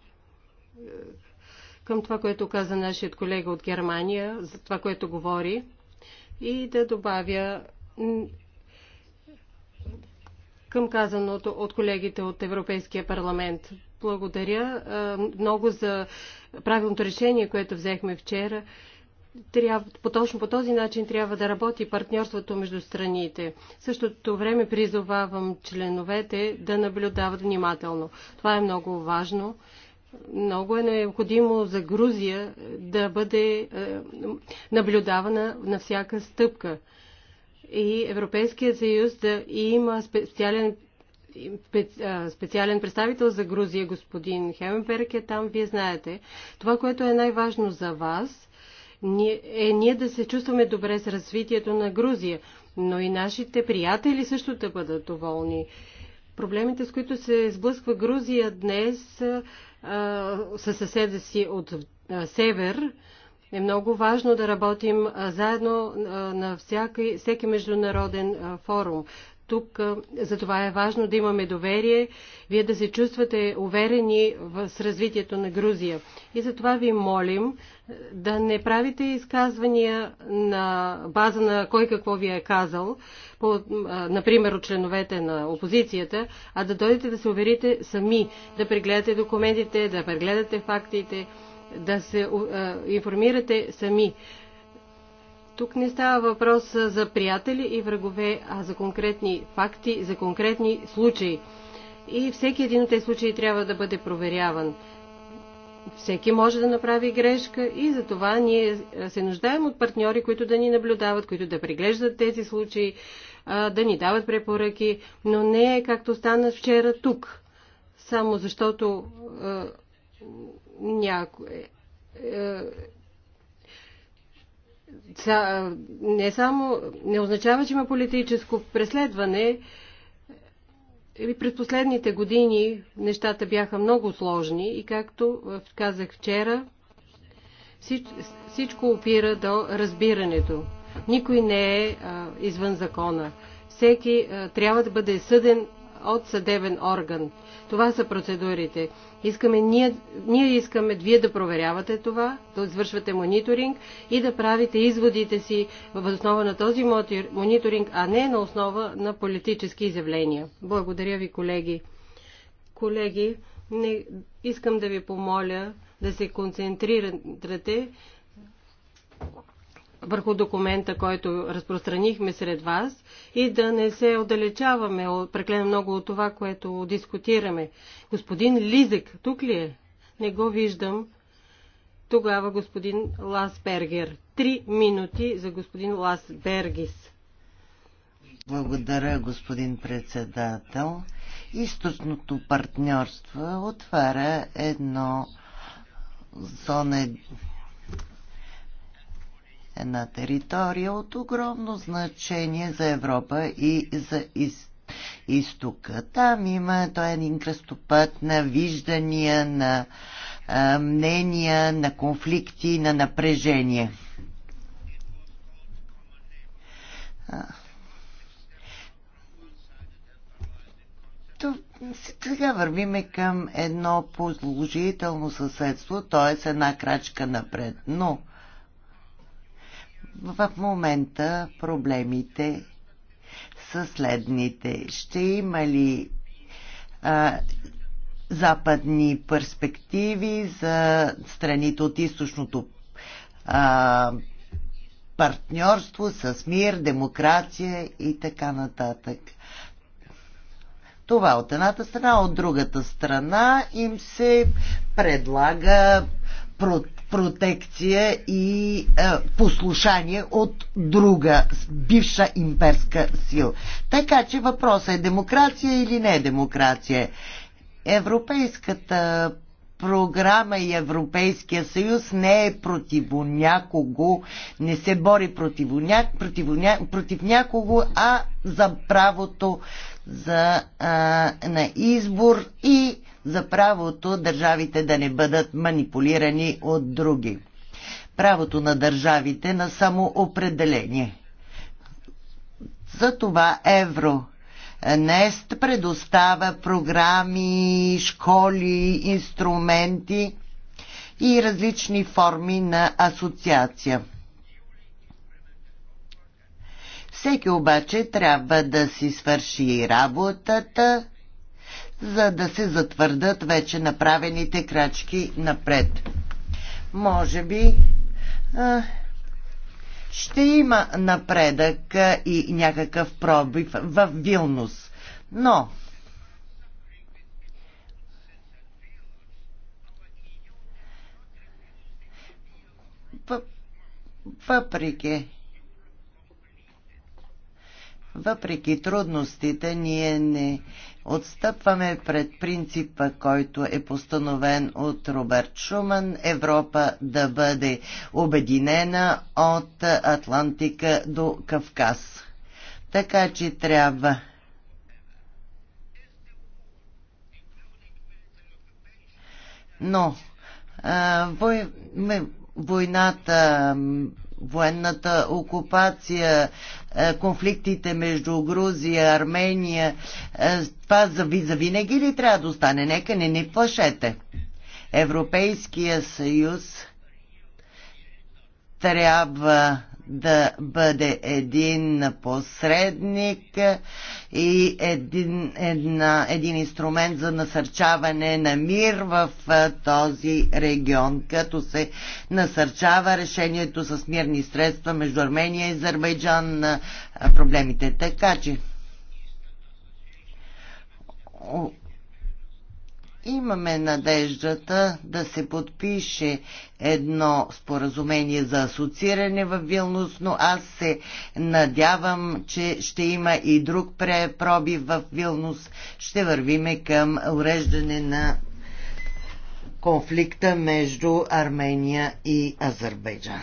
към това, което каза нашият колега от Германия, за това, което говори, и да добавя към казаното от колегите от Европейския парламент. Благодаря е, много за правилното решение, което взехме вчера трябва, точно по този начин трябва да работи партньорството между страните. В същото време призовавам членовете да наблюдават внимателно. Това е много важно. Много е необходимо за Грузия е, да бъде е, наблюдавана на всяка стъпка. И Европейският съюз да има специален специален представител за Грузия, господин Хеменберг е там, вие знаете. Това, което е най-важно за вас, е ние да се чувстваме добре с развитието на Грузия, но и нашите приятели също да бъдат доволни. Проблемите, с които се сблъсква Грузия днес със съседа си от север, е много важно да работим заедно на всяки, всеки международен форум тук затова е важно да имаме доверие, вие да се чувствате уверени в, с развитието на Грузия. И затова ви молим да не правите изказвания на база на кой какво ви е казал, по, например от членовете на опозицията, а да дойдете да се уверите сами, да прегледате документите, да прегледате фактите, да се информирате сами. Тук не става въпрос за приятели и врагове, а за конкретни факти, за конкретни случаи. И всеки един от тези случаи трябва да бъде проверяван. Всеки може да направи грешка и за това ние се нуждаем от партньори, които да ни наблюдават, които да преглеждат тези случаи, да ни дават препоръки, но не е както стана вчера тук, само защото някой е, е, не само не означава, че има политическо преследване. И през последните години нещата бяха много сложни и както казах вчера, всичко опира до разбирането. Никой не е извън закона. Всеки трябва да бъде съден от съдебен орган. Това са процедурите. Искаме, ние, ние искаме вие да проверявате това, да извършвате мониторинг и да правите изводите си в основа на този мониторинг, а не на основа на политически изявления. Благодаря ви, колеги. Колеги, не, искам да ви помоля да се концентрирате върху документа, който разпространихме сред вас и да не се отдалечаваме преклено много от това, което дискутираме. Господин Лизек, тук ли е? Не го виждам. Тогава господин Ласбергер. Три минути за господин Ласбергис. Благодаря, господин председател. Източното партньорство отваря едно зона една територия от огромно значение за Европа и за из... изтока. Там има той е един кръстопът на виждания, на а, мнения, на конфликти, на напрежение. сега вървиме към едно положително съседство, т.е. една крачка напред. Но в момента проблемите са следните. Ще има ли а, западни перспективи за страните от източното а, партньорство с мир, демокрация и така нататък. Това от едната страна, от другата страна им се предлага протекция и е, послушание от друга бивша имперска сила. Така че въпросът е демокрация или не е демокрация. Европейската програма и Европейския съюз не е против някого, не се бори против, ня, против, ня, против някого, а за правото за, а, на избор и за правото държавите да не бъдат манипулирани от други. Правото на държавите на самоопределение. Затова Евро Нест предоставя програми, школи, инструменти и различни форми на асоциация. Всеки обаче трябва да си свърши работата, за да се затвърдат вече направените крачки напред. Може би а, ще има напредък и някакъв пробив в Вилнус, но въпреки въпреки трудностите, ние не отстъпваме пред принципа, който е постановен от Роберт Шуман Европа да бъде обединена от Атлантика до Кавказ. Така че трябва Но а, войната, военната окупация, е, конфликтите между Грузия, Армения, е, това за винаги ли трябва да остане? Нека не ни плашете. Европейския съюз трябва да бъде един посредник и един, една, един инструмент за насърчаване на мир в този регион, като се насърчава решението с мирни средства между Армения и Азербайджан на проблемите. Така че имаме надеждата да се подпише едно споразумение за асоцииране в Вилнус, но аз се надявам, че ще има и друг препроби в Вилнус. Ще вървиме към уреждане на конфликта между Армения и Азербайджан.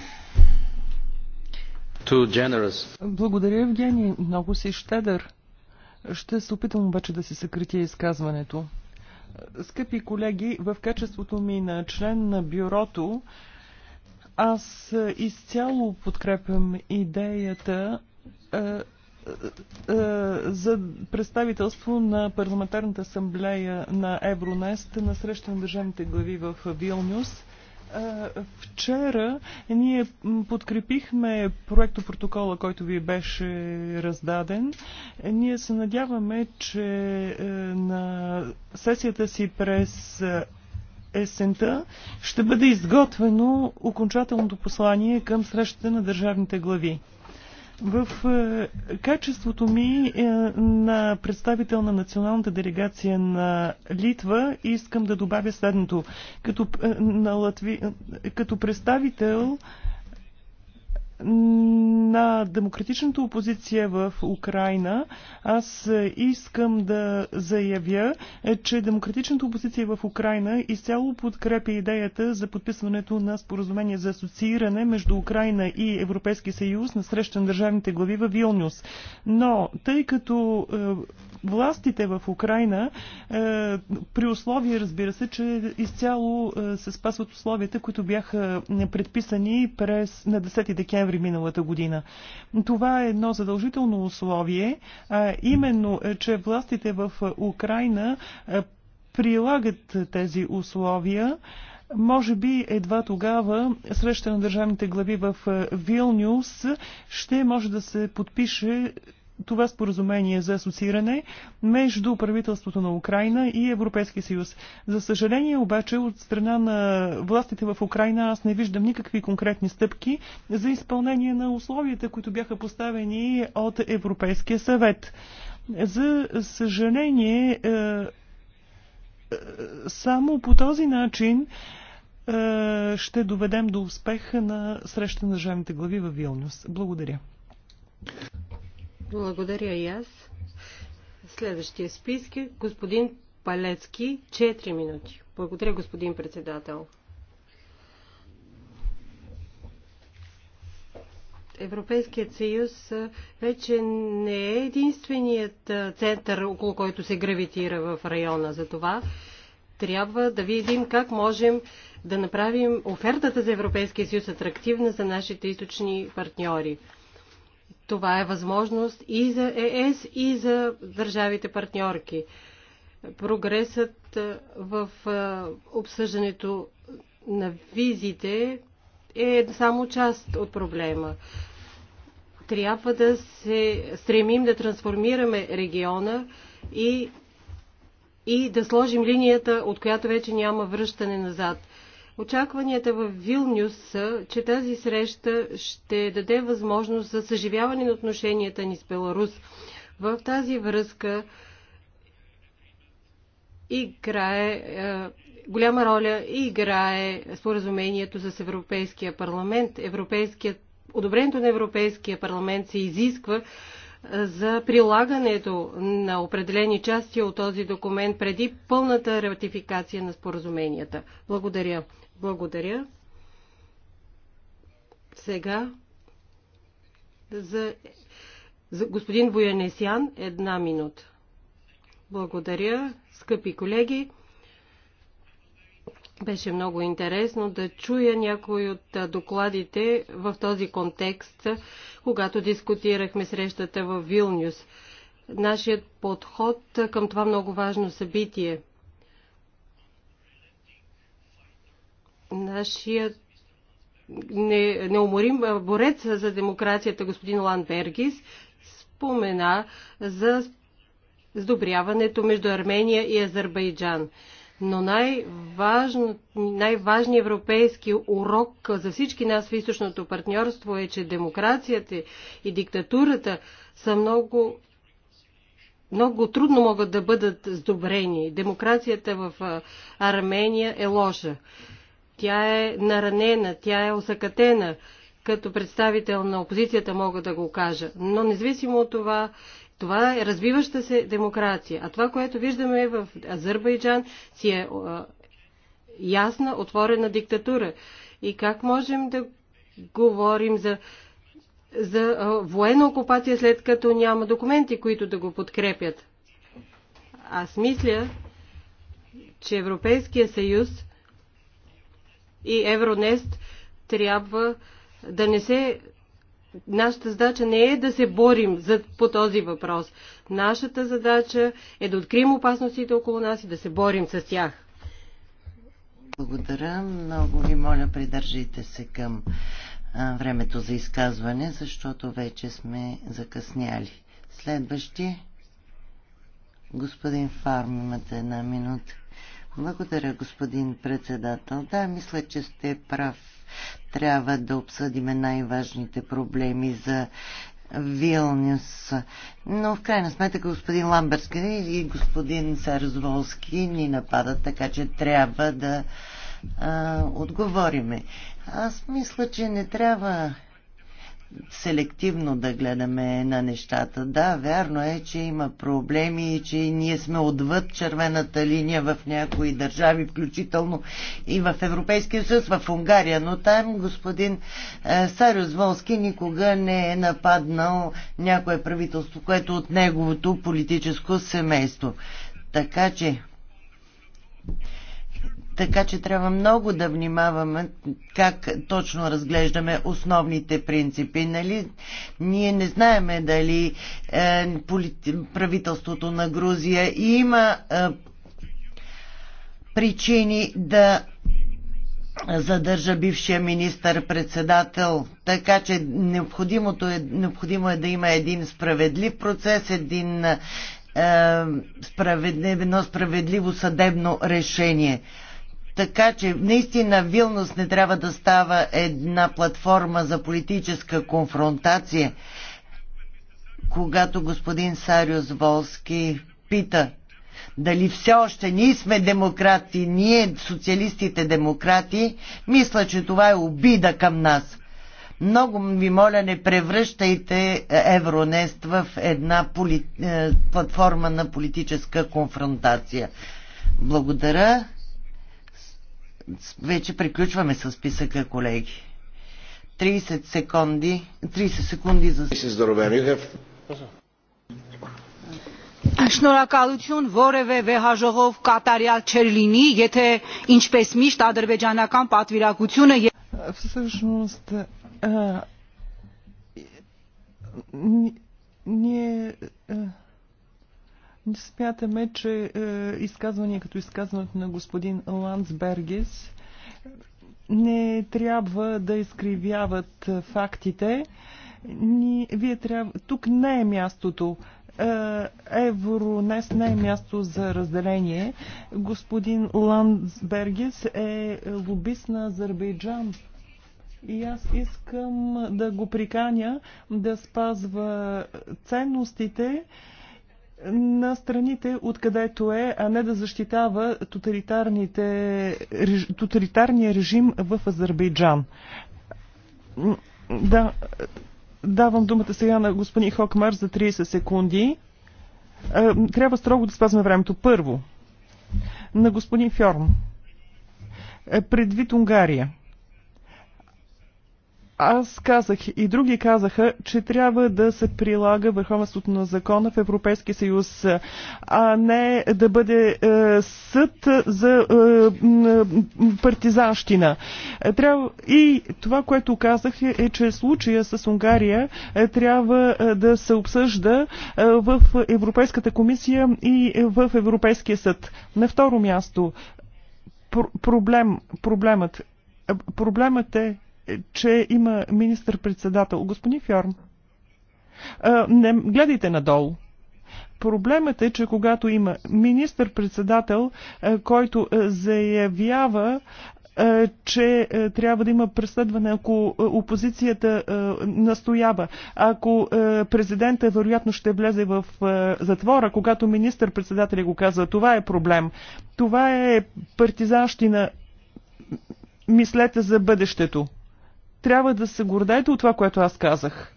Благодаря, Евгений. Много си щедър. Ще се опитам обаче да си съкрития изказването. Скъпи колеги, в качеството ми на член на бюрото, аз изцяло подкрепям идеята е, е, за представителство на Парламентарната асамблея на Евронест на среща на държавните глави в Вилнюс. Вчера ние подкрепихме проекто протокола, който ви беше раздаден. Ние се надяваме, че е, на сесията си през е, есента ще бъде изготвено окончателното послание към срещата на държавните глави. В е, качеството ми е, на представител на националната делегация на Литва искам да добавя следното. Като, е, на Латви... като представител на демократичната опозиция в Украина, аз искам да заявя, е, че демократичната опозиция в Украина изцяло подкрепя идеята за подписването на споразумение за асоцииране между Украина и Европейски съюз на среща на държавните глави в Вилнюс. Но тъй като е, властите в Украина, е, при условие, разбира се, че изцяло се спасват условията, които бяха предписани през на 10 декември септември миналата година. Това е едно задължително условие, а именно, е, че властите в е, Украина е, прилагат тези условия. Може би едва тогава среща на държавните глави в Вилнюс ще може да се подпише това споразумение за асоцииране между правителството на Украина и Европейския съюз. За съжаление обаче от страна на властите в Украина аз не виждам никакви конкретни стъпки за изпълнение на условията, които бяха поставени от Европейския съвет. За съжаление, е, е, само по този начин е, ще доведем до успеха на среща на жените глави във Вилнюс. Благодаря. Благодаря и аз. Следващия списък е господин Палецки, 4 минути. Благодаря, господин председател. Европейският съюз вече не е единственият център, около който се гравитира в района. За това трябва да видим как можем да направим офертата за Европейския съюз атрактивна за нашите източни партньори. Това е възможност и за ЕС, и за държавите партньорки. Прогресът в обсъждането на визите е само част от проблема. Трябва да се стремим да трансформираме региона и, и да сложим линията, от която вече няма връщане назад. Очакванията в Вилнюс са, че тази среща ще даде възможност за съживяване на отношенията ни с Беларус. В тази връзка играе е, голяма роля и играе споразумението с Европейския парламент. Европейският, одобрението на Европейския парламент се изисква е, за прилагането на определени части от този документ преди пълната ратификация на споразуменията. Благодаря. Благодаря. Сега за, за господин Воянесян една минута. Благодаря, скъпи колеги. Беше много интересно да чуя някои от докладите в този контекст, когато дискутирахме срещата в Вилнюс. Нашият подход към това много важно събитие – нашият не, неуморим борец за демокрацията господин Лан Бергис спомена за сдобряването между Армения и Азербайджан. Но най-важният най европейски урок за всички нас в източното партньорство е, че демокрацията и диктатурата са много много трудно могат да бъдат сдобрени. Демокрацията в Армения е лоша. Тя е наранена, тя е осъкатена. Като представител на опозицията мога да го кажа. Но независимо от това, това е развиваща се демокрация. А това, което виждаме в Азербайджан, си е ясна, отворена диктатура. И как можем да говорим за, за военна окупация, след като няма документи, които да го подкрепят? Аз мисля, че Европейския съюз и Евронест трябва да не се. Нашата задача не е да се борим за, по този въпрос. Нашата задача е да открием опасностите около нас и да се борим с тях. Благодаря. Много ви моля, придържайте се към а, времето за изказване, защото вече сме закъсняли. Следващи. Господин Фарм, имате една минута. Благодаря, господин председател. Да, мисля, че сте прав. Трябва да обсъдиме най-важните проблеми за Вилнюс. Но в крайна сметка господин Ламберски и господин Сарзволски ни нападат, така че трябва да а, отговориме. Аз мисля, че не трябва селективно да гледаме на нещата. Да, вярно е, че има проблеми и че ние сме отвъд червената линия в някои държави, включително и в Европейския съюз, в Унгария, но там господин е, Сариус Волски никога не е нападнал някое правителство, което от неговото политическо семейство. Така че така че трябва много да внимаваме как точно разглеждаме основните принципи. Нали? Ние не знаеме дали е, полит... правителството на Грузия има е, причини да задържа бившия министър-председател. Така че необходимото е, необходимо е да има един справедлив процес, един, е, едно справедливо съдебно решение. Така че наистина Вилнус не трябва да става една платформа за политическа конфронтация. Когато господин Сариус Волски пита дали все още ние сме демократи, ние социалистите демократи, мисля, че това е обида към нас. Много ви моля, не превръщайте Евронест в една е, платформа на политическа конфронтация. Благодаря. Вече приключваме с списъка, колеги. 30 секунди, 30 секунди за... Շնորհակալություն որևէ վեհաժողով կատարյալ չեր լինի, եթե ինչպես միշտ ադրբեջանական պատվիրակությունը Всъщност, а, ние а, Смятаме, че е, изказвания като изказването на господин Ландсбергес не трябва да изкривяват фактите. Ни, вие трябва... Тук не е мястото. Е, Евронес не е място за разделение. Господин Ландсбергес е лобист на Азербайджан. И аз искам да го приканя да спазва ценностите, на страните, откъдето е, а не да защитава тоталитарния режим в Азербайджан. Да, давам думата сега на господин Хокмар за 30 секунди. Е, трябва строго да спазваме времето. Първо, на господин Фьорн. Е, предвид Унгария. Аз казах и други казаха, че трябва да се прилага върховенството на закона в Европейския съюз, а не да бъде е, съд за е, партизанщина. Трябва... И това, което казах е, е, че случая с Унгария е, трябва е, да се обсъжда е, в Европейската комисия и в Европейския съд. На второ място, проблем, проблемът. Е, проблемът е че има министър-председател. Господин Фьорн, не гледайте надолу. Проблемът е, че когато има министър-председател, който заявява, че трябва да има преследване, ако опозицията настоява. Ако президента вероятно ще влезе в затвора, когато министър-председателя го казва, това е проблем. Това е партизанщина. Мислете за бъдещето трябва да се гордаете от това, което аз казах.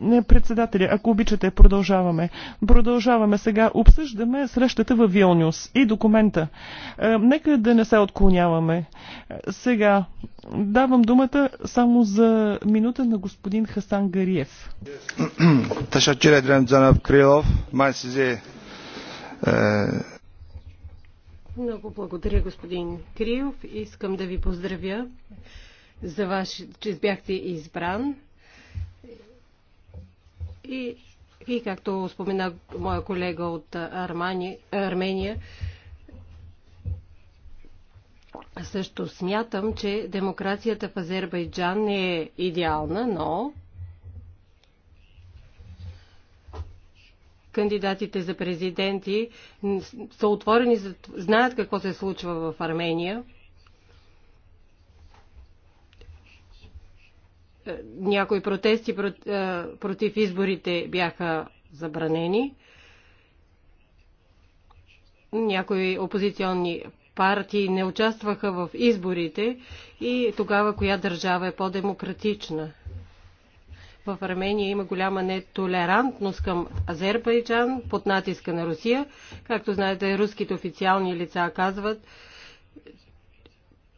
Не, председателя, ако обичате, продължаваме. Продължаваме сега. Обсъждаме срещата в Вилнюс и документа. Е, нека да не се отклоняваме. Е, сега давам думата само за минута на господин Хасан Гариев. Крилов. E, много благодаря, господин Криев. Искам да ви поздравя за ваш, че бяхте избран. И, и както спомена моя колега от Армани, Армения, също смятам, че демокрацията в Азербайджан не е идеална, но кандидатите за президенти са отворени, знаят какво се случва в Армения. Е, някои протести е, против изборите бяха забранени. Някои опозиционни партии не участваха в изборите и тогава коя държава е по-демократична? В Армения има голяма нетолерантност към Азербайджан под натиска на Русия. Както знаете, руските официални лица казват,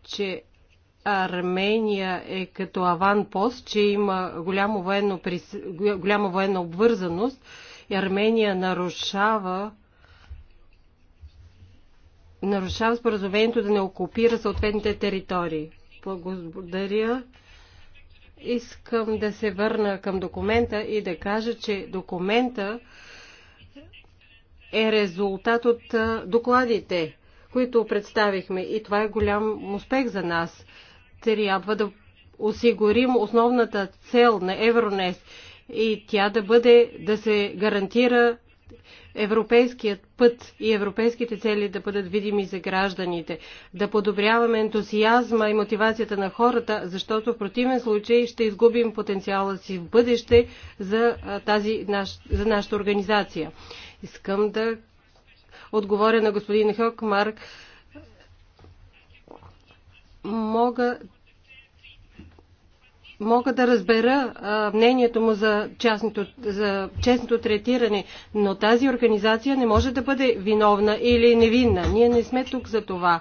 че Армения е като аванпост, че има голямо военно, голяма военна обвързаност и Армения нарушава нарушава споразумението да не окупира съответните територии. Благодаря. Искам да се върна към документа и да кажа, че документа е резултат от докладите, които представихме и това е голям успех за нас трябва да осигурим основната цел на Евронес и тя да бъде да се гарантира европейският път и европейските цели да бъдат видими за гражданите, да подобряваме ентусиазма и мотивацията на хората, защото в противен случай ще изгубим потенциала си в бъдеще за, тази, за нашата организация. Искам да отговоря на господин Хокмарк. Марк мога, мога да разбера а, мнението му за, частното, за честното третиране, но тази организация не може да бъде виновна или невинна. Ние не сме тук за това.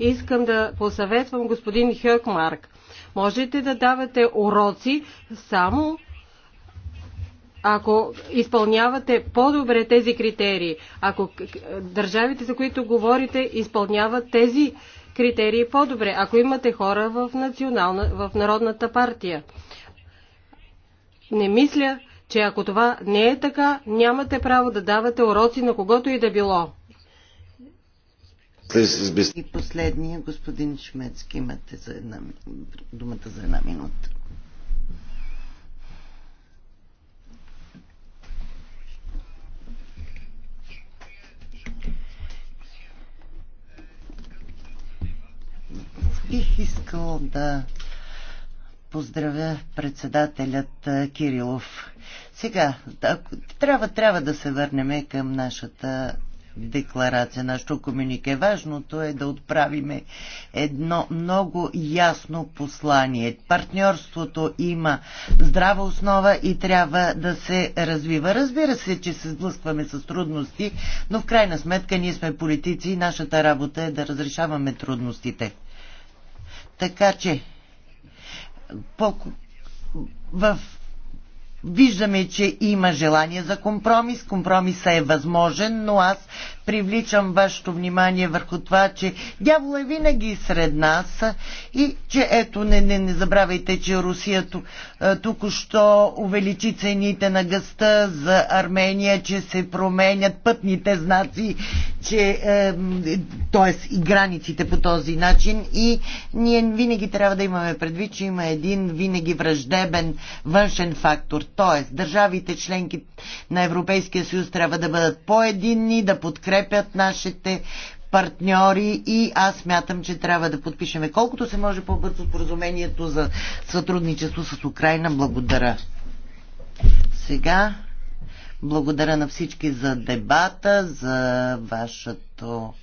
Искам да посъветвам господин Хъкмарк. Можете да давате уроци само ако изпълнявате по-добре тези критерии, ако държавите, за които говорите, изпълняват тези критерии по-добре, ако имате хора в, национална, в Народната партия. Не мисля, че ако това не е така, нямате право да давате уроци на когото и да било. И последния, господин Шмецки, имате за една, думата за една минута. Бих искал да поздравя председателят Кирилов. Сега, трябва, трябва да се върнем към нашата декларация, нашото комюнике. Важното е да отправиме едно много ясно послание. Партньорството има здрава основа и трябва да се развива. Разбира се, че се сблъскваме с трудности, но в крайна сметка ние сме политици и нашата работа е да разрешаваме трудностите. Така че по, в Виждаме, че има желание за компромис. Компромиса е възможен, но аз привличам вашето внимание върху това, че дявол е винаги сред нас и че ето, не, не, не забравяйте, че Русия е, току-що увеличи цените на гъста за Армения, че се променят пътните знаци че, т.е. и границите по този начин и ние винаги трябва да имаме предвид, че има един винаги враждебен външен фактор, т.е. държавите членки на Европейския съюз трябва да бъдат по-единни, да подкрепят нашите партньори и аз мятам, че трябва да подпишеме колкото се може по-бързо споразумението за сътрудничество с Украина. Благодаря. Сега благодаря на всички за дебата, за вашето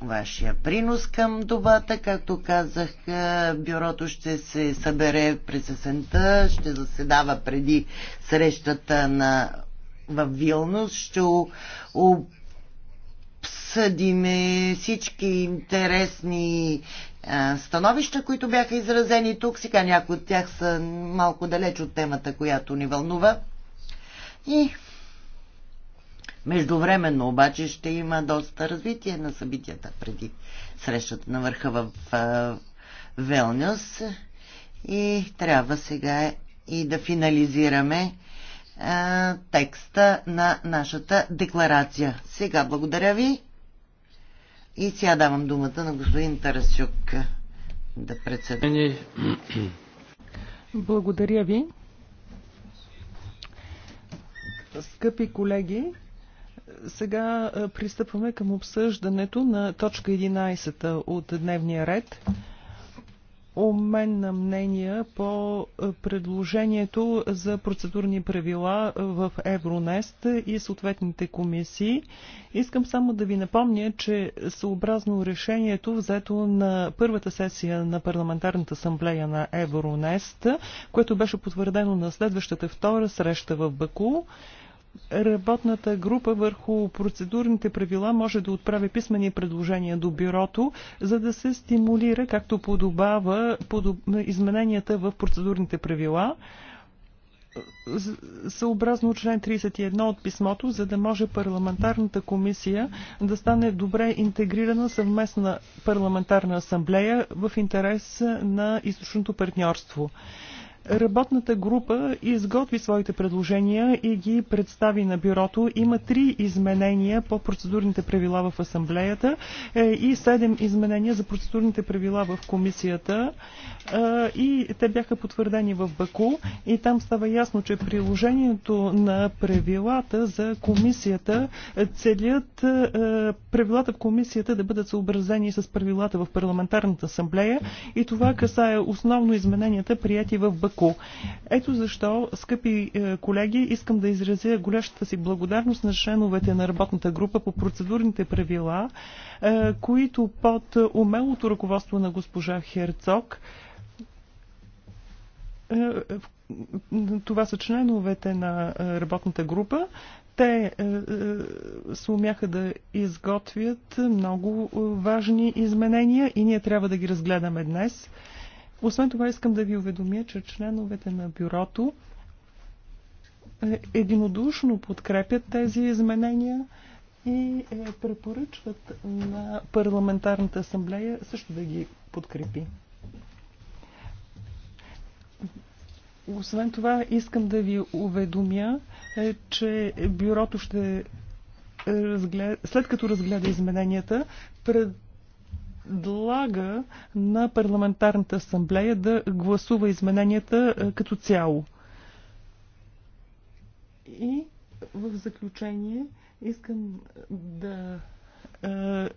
вашия принос към добата. Както казах, е, бюрото ще се събере през есента, ще заседава преди срещата на в Вилнус. Ще обсъдиме всички интересни становища, които бяха изразени тук. Сега някои от тях са малко далеч от темата, която ни вълнува. И междувременно обаче ще има доста развитие на събитията преди срещата на върха в Велнюс. И трябва сега и да финализираме текста на нашата декларация. Сега благодаря ви. И сега давам думата на господин Тарасюк да председа. Благодаря ви. Скъпи колеги, сега пристъпваме към обсъждането на точка 11 от дневния ред обмен на мнения по е, предложението за процедурни правила е, в Евронест и съответните комисии. Искам само да ви напомня, че съобразно решението взето на първата сесия на Парламентарната асамблея на Евронест, което беше потвърдено на следващата втора среща в Баку, Работната група върху процедурните правила може да отправи писмени предложения до бюрото, за да се стимулира, както подобава подоб... измененията в процедурните правила съобразно член 31 от писмото, за да може парламентарната комисия да стане добре интегрирана съвместна парламентарна асамблея в интерес на източното партньорство. Работната група изготви своите предложения и ги представи на бюрото. Има три изменения по процедурните правила в асамблеята е, и седем изменения за процедурните правила в комисията. Е, и те бяха потвърдени в Баку. И там става ясно, че приложението на правилата за комисията целят е, правилата в комисията да бъдат съобразени с правилата в парламентарната асамблея. И това касае основно измененията, прияти в Баку ако. Ето защо, скъпи е, колеги, искам да изразя голящата си благодарност на членовете на работната група по процедурните правила, е, които под умелото ръководство на госпожа Херцог е, това са членовете на работната група. Те се умяха да изготвят много важни изменения и ние трябва да ги разгледаме днес. Освен това искам да ви уведомя, че членовете на бюрото е, единодушно подкрепят тези изменения и е, препоръчват на парламентарната асамблея също да ги подкрепи. Освен това, искам да ви уведомя, е, че бюрото ще разгледа, след като разгледа измененията, пред предлага на парламентарната асамблея да гласува измененията е, като цяло. И в заключение искам да е,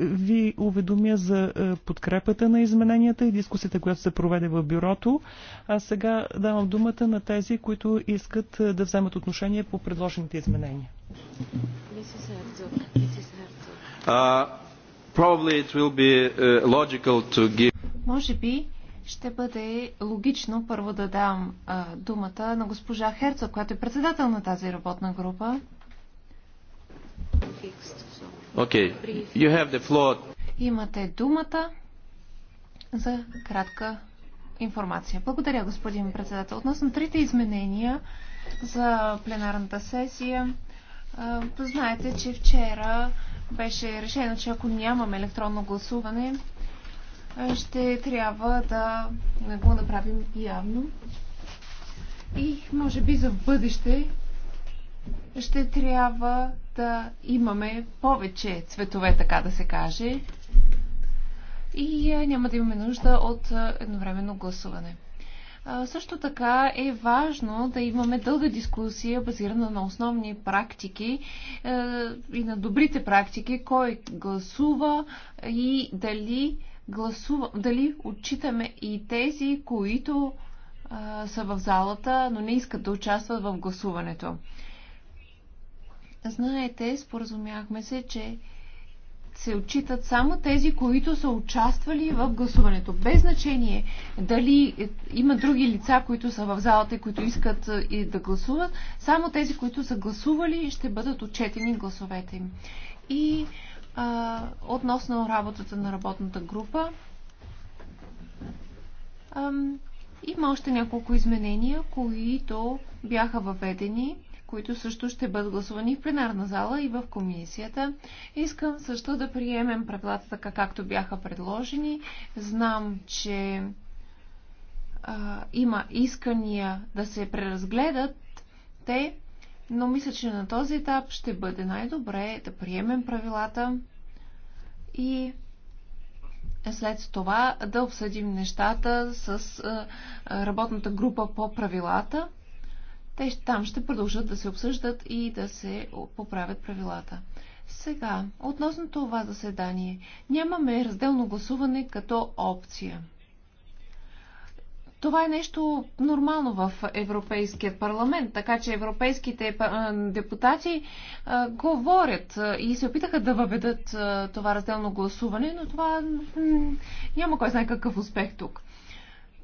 ви уведомя за е, подкрепата на измененията и дискусията, която се проведе в бюрото. А сега давам думата на тези, които искат да вземат отношение по предложените изменения. Uh, Може би ще бъде логично първо да дам думата на госпожа Херца, която е председател на тази работна група. Okay. You have the floor. Имате думата за кратка информация. Благодаря, господин председател. Относно трите изменения за пленарната сесия, знаете, че вчера беше решено, че ако нямаме електронно гласуване, ще трябва да го направим явно. И може би за в бъдеще ще трябва да имаме повече цветове, така да се каже. И няма да имаме нужда от едновременно гласуване. Също така е важно да имаме дълга дискусия, базирана на основни практики е, и на добрите практики, кой гласува и дали, гласува, дали отчитаме и тези, които е, са в залата, но не искат да участват в гласуването. Знаете, споразумяхме се, че се отчитат само тези, които са участвали в гласуването. Без значение дали има други лица, които са в залата и които искат е, и да гласуват, само тези, които са гласували, ще бъдат отчетени гласовете им. И а, относно работата на работната група, а, има още няколко изменения, които бяха въведени които също ще бъдат гласувани в пленарна зала и в комисията. Искам също да приемем правилата така, както бяха предложени. Знам, че а, има искания да се преразгледат те, но мисля, че на този етап ще бъде най-добре да приемем правилата и след това да обсъдим нещата с работната група по правилата те там ще продължат да се обсъждат и да се поправят правилата. Сега, относно това заседание, нямаме разделно гласуване като опция. Това е нещо нормално в Европейския парламент, така че европейските депутати а, говорят и се опитаха да въведат а, това разделно гласуване, но това няма кой знае какъв успех тук.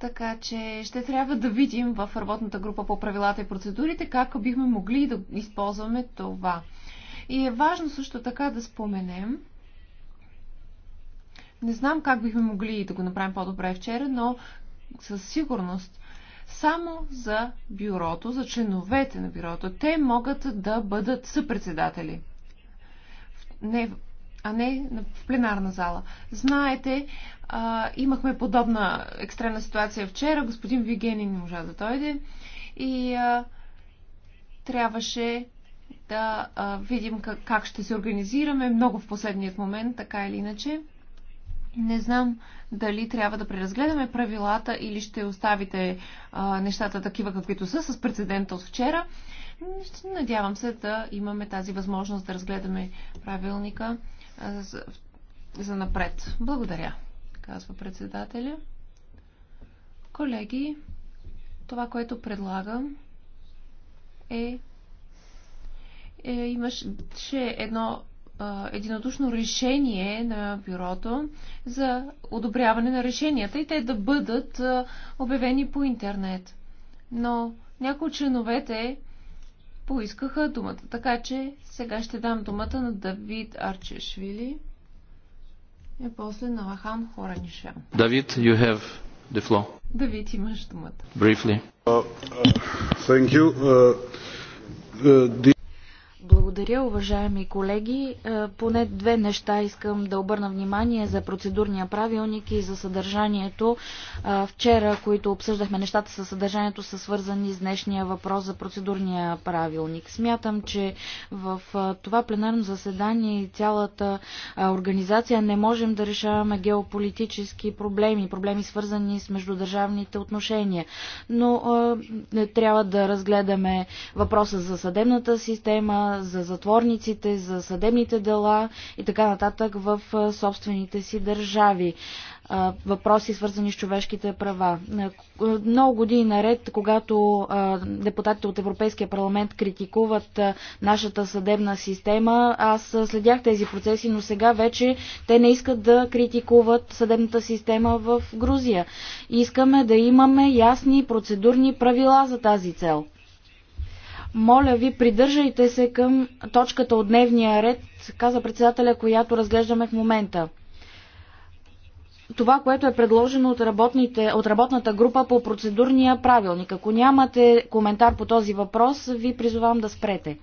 Така че ще трябва да видим в работната група по правилата и процедурите как бихме могли да използваме това. И е важно също така да споменем, не знам как бихме могли да го направим по-добре вчера, но със сигурност само за бюрото, за членовете на бюрото. Те могат да бъдат съпредседатели. Не, а не в пленарна зала. Знаете, а, имахме подобна екстремна ситуация вчера. Господин Вигенин не можа да дойде и а, трябваше да а, видим как, как ще се организираме. Много в последният момент, така или иначе. Не знам дали трябва да преразгледаме правилата или ще оставите а, нещата такива, каквито са, с прецедента от вчера. Надявам се да имаме тази възможност да разгледаме правилника за, за напред. Благодаря, казва председателя. Колеги, това, което предлагам е, е имаше едно единодушно решение на бюрото за одобряване на решенията и те да бъдат обявени по интернет. Но някои от членовете поискаха думата. Така че сега ще дам думата на Давид Арчешвили и после на Лахан Хоранишел. Давид, you have the floor. Давид, имаш думата. Briefly. Uh, uh, thank you. Uh, uh, the... Благодаря, уважаеми колеги. Е, поне две неща искам да обърна внимание за процедурния правилник и за съдържанието. Е, вчера, които обсъждахме нещата със съдържанието, са свързани с днешния въпрос за процедурния правилник. Смятам, че в е, това пленарно заседание и цялата организация не можем да решаваме геополитически проблеми, проблеми свързани с междудържавните отношения. Но трябва да разгледаме въпроса за съдебната система, за затворниците, за съдебните дела и така нататък в собствените си държави въпроси, свързани с човешките права. Много години наред, когато депутатите от Европейския парламент критикуват нашата съдебна система, аз следях тези процеси, но сега вече те не искат да критикуват съдебната система в Грузия. Искаме да имаме ясни процедурни правила за тази цел. Моля ви, придържайте се към точката от дневния ред, каза председателя, която разглеждаме в момента. Това, което е предложено от, работните, от работната група по процедурния правилник. Ако нямате коментар по този въпрос, ви призовавам да спрете.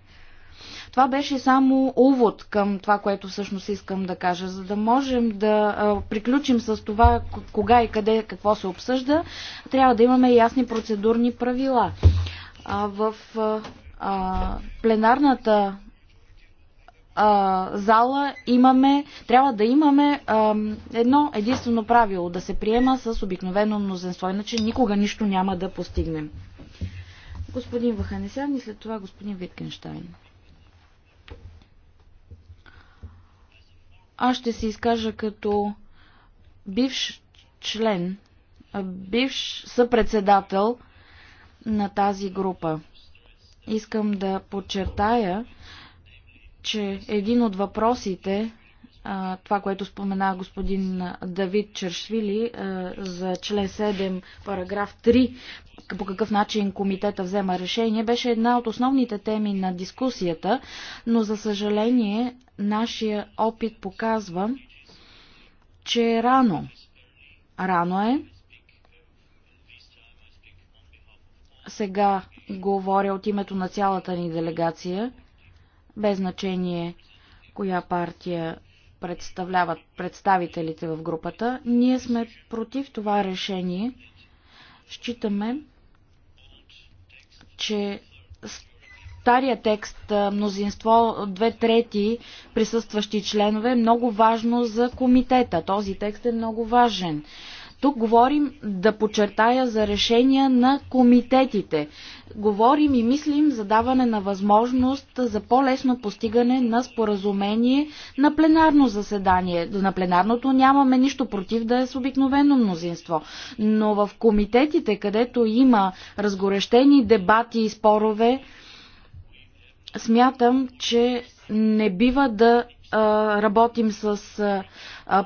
Това беше само увод към това, което всъщност искам да кажа, за да можем да приключим с това кога и къде какво се обсъжда, трябва да имаме ясни процедурни правила. А в а, пленарната а, зала имаме, трябва да имаме а, едно единствено правило да се приема с обикновено мнозинство, иначе никога нищо няма да постигнем. Господин Ваханесян и след това господин Виткенштайн. Аз ще се изкажа като бивш член, бивш съпредседател на тази група. Искам да подчертая, че един от въпросите, това, което спомена господин Давид Чершвили за член 7, параграф 3, по какъв начин комитета взема решение, беше една от основните теми на дискусията, но за съжаление нашия опит показва, че е рано. Рано е. Сега говоря от името на цялата ни делегация, без значение коя партия представляват представителите в групата. Ние сме против това решение. Считаме, че стария текст, мнозинство две трети присъстващи членове е много важно за комитета. Този текст е много важен. Тук говорим да подчертая за решения на комитетите. Говорим и мислим за даване на възможност за по-лесно постигане на споразумение на пленарно заседание. На пленарното нямаме нищо против да е с обикновено мнозинство. Но в комитетите, където има разгорещени дебати и спорове, смятам, че не бива да работим с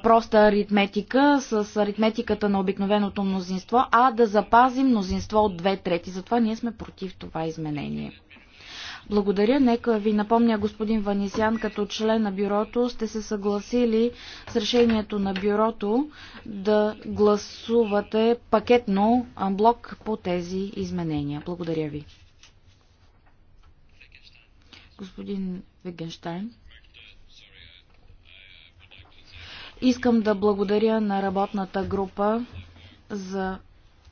проста аритметика, с аритметиката на обикновеното мнозинство, а да запазим мнозинство от две трети. Затова ние сме против това изменение. Благодаря. Нека ви напомня, господин Ванисян, като член на бюрото сте се съгласили с решението на бюрото да гласувате пакетно блок по тези изменения. Благодаря ви. Господин Вегенштайн. Искам да благодаря на работната група за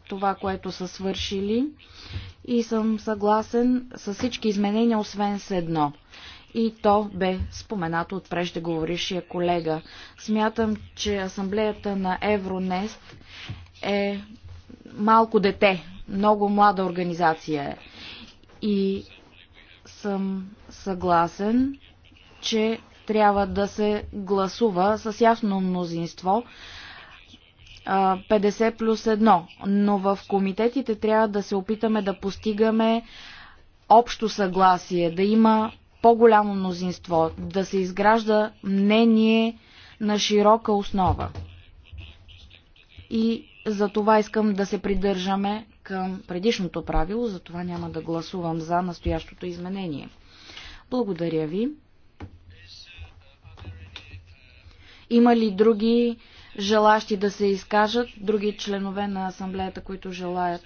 това, което са свършили и съм съгласен с всички изменения, освен с едно. И то бе споменато от преждеговорившия колега. Смятам, че асамблеята на Евронест е малко дете, много млада организация е. И съм съгласен, че трябва да се гласува с ясно мнозинство. 50 плюс 1. Но в комитетите трябва да се опитаме да постигаме общо съгласие, да има по-голямо мнозинство, да се изгражда мнение на широка основа. И за това искам да се придържаме към предишното правило, за това няма да гласувам за настоящото изменение. Благодаря ви. Има ли други желащи да се изкажат, други членове на асамблеята, които желаят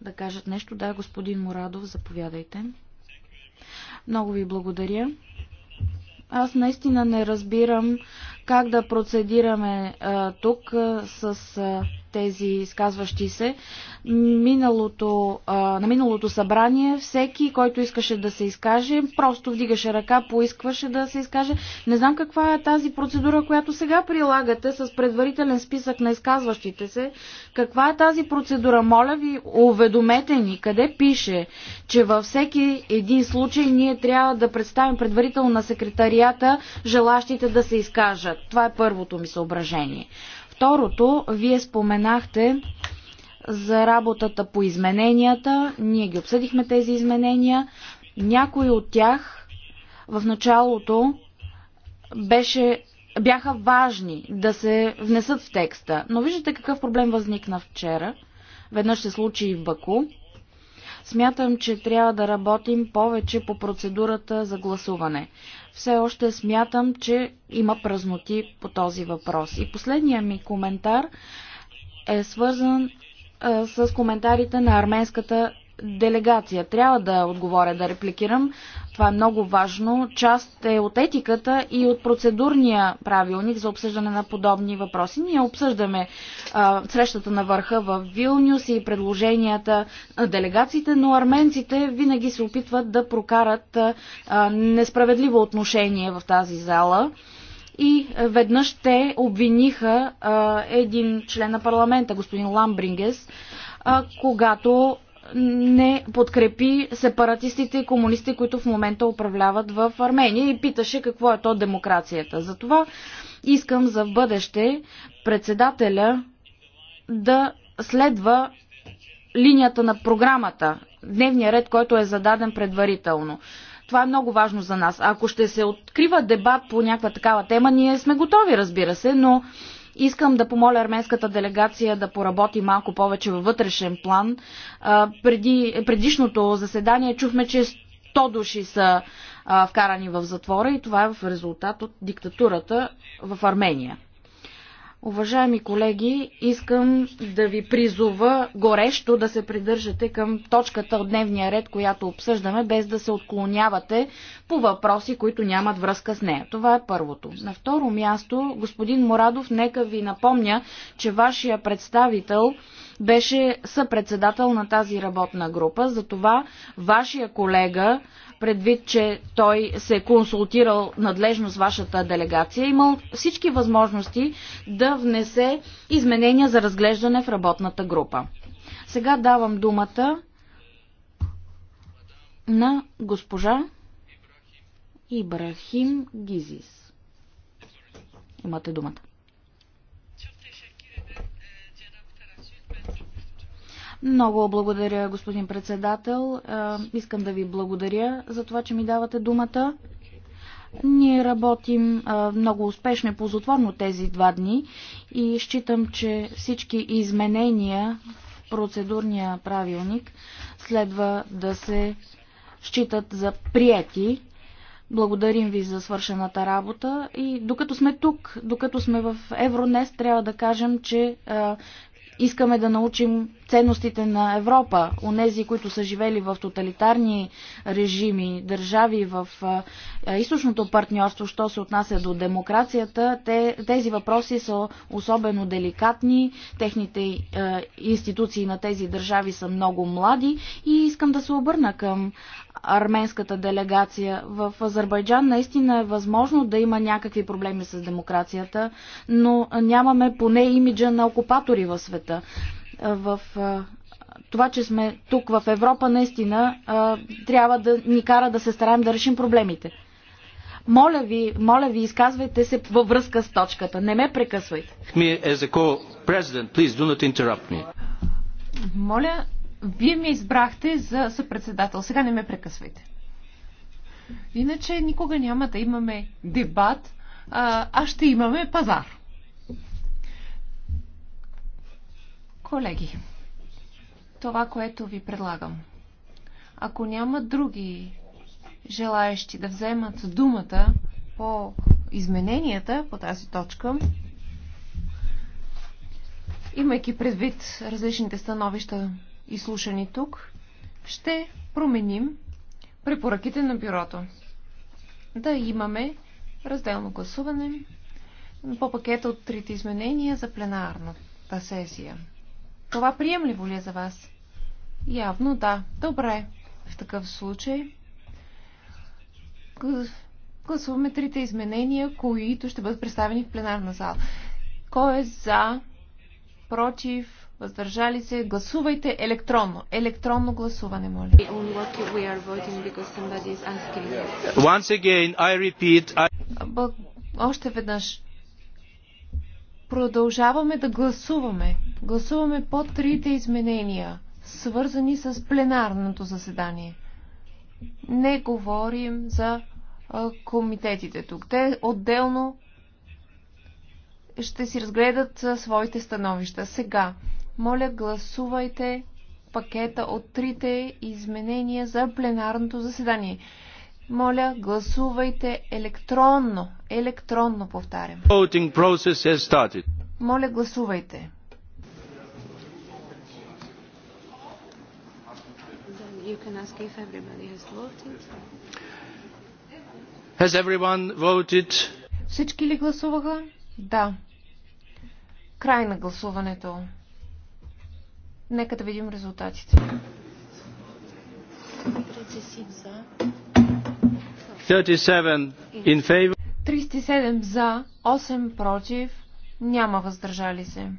да кажат нещо? Да, господин Морадов, заповядайте. Много ви благодаря. Аз наистина не разбирам как да процедираме а, тук а, с. А, тези изказващи се. Миналото, на миналото събрание всеки, който искаше да се изкаже, просто вдигаше ръка, поискваше да се изкаже. Не знам каква е тази процедура, която сега прилагате с предварителен списък на изказващите се. Каква е тази процедура? Моля ви, уведомете ни, къде пише, че във всеки един случай ние трябва да представим предварително на секретарията желащите да се изкажат. Това е първото ми съображение. Второто, вие споменахте за работата по измененията. Ние ги обсъдихме тези изменения. Някои от тях в началото беше, бяха важни да се внесат в текста. Но виждате какъв проблем възникна вчера. Веднъж се случи и в Баку. Смятам, че трябва да работим повече по процедурата за гласуване все още смятам, че има празноти по този въпрос. И последният ми коментар е свързан с коментарите на арменската делегация. Трябва да отговоря, да репликирам. Това е много важно. Част е от етиката и от процедурния правилник за обсъждане на подобни въпроси. Ние обсъждаме а, срещата на върха в Вилнюс и предложенията на делегациите, но арменците винаги се опитват да прокарат а, несправедливо отношение в тази зала и веднъж те обвиниха а, един член на парламента, господин Ламбрингес, а, когато не подкрепи сепаратистите и комунисти, които в момента управляват в Армения и питаше какво е то демокрацията. Затова искам за в бъдеще председателя да следва линията на програмата, дневния ред, който е зададен предварително. Това е много важно за нас. Ако ще се открива дебат по някаква такава тема, ние сме готови, разбира се, но Искам да помоля арменската делегация да поработи малко повече във вътрешен план. Преди, предишното заседание чухме, че 100 души са вкарани в затвора и това е в резултат от диктатурата в Армения. Уважаеми колеги, искам да ви призова горещо да се придържате към точката от дневния ред, която обсъждаме, без да се отклонявате по въпроси, които нямат връзка с нея. Това е първото. На второ място, господин Морадов, нека ви напомня, че вашия представител беше съпредседател на тази работна група. Затова вашия колега, предвид, че той се е консултирал надлежно с вашата делегация, е имал всички възможности да внесе изменения за разглеждане в работната група. Сега давам думата на госпожа Ибрахим Гизис. Имате думата. Много благодаря, господин председател. Е, искам да ви благодаря за това, че ми давате думата. Ние работим е, много успешно и ползотворно тези два дни и считам, че всички изменения в процедурния правилник следва да се считат за прияти. Благодарим ви за свършената работа и докато сме тук, докато сме в Евронест, трябва да кажем, че е, Искаме да научим ценностите на Европа, онези, които са живели в тоталитарни режими, държави в източното партньорство, що се отнася до демокрацията. Те, тези въпроси са особено деликатни, техните институции на тези държави са много млади и искам да се обърна към арменската делегация. В Азербайджан наистина е възможно да има някакви проблеми с демокрацията, но нямаме поне имиджа на окупатори в света. В това, че сме тук в Европа, наистина трябва да ни кара да се стараем да решим проблемите. Моля ви, моля ви, изказвайте се във връзка с точката. Не ме прекъсвайте. Моля, вие ме избрахте за съпредседател. Сега не ме прекъсвайте. Иначе никога няма да имаме дебат, а ще имаме пазар. Колеги, това, което ви предлагам. Ако няма други желаещи да вземат думата по измененията по тази точка, имайки предвид различните становища изслушани тук, ще променим препоръките на бюрото. Да имаме разделно гласуване по пакета от трите изменения за пленарната сесия. Това приемливо ли е за вас? Явно да. Добре. В такъв случай гласуваме трите изменения, които ще бъдат представени в пленарна зала. Кой е за, против, въздържали се, гласувайте електронно. Електронно гласуване, моля. Again, I repeat, I... Още веднъж. Продължаваме да гласуваме. Гласуваме по трите изменения, свързани с пленарното заседание. Не говорим за а, комитетите тук. Те отделно ще си разгледат а, своите становища. Сега моля, гласувайте пакета от трите изменения за пленарното заседание. Моля, гласувайте електронно. Електронно, повтарям. Моля, гласувайте. you can ask if everybody has voted. Has everyone voted? Всички ли гласуваха? Да. Край на гласуването. Нека да видим резултатите. 37, 37 за, 8 против, няма въздържали се.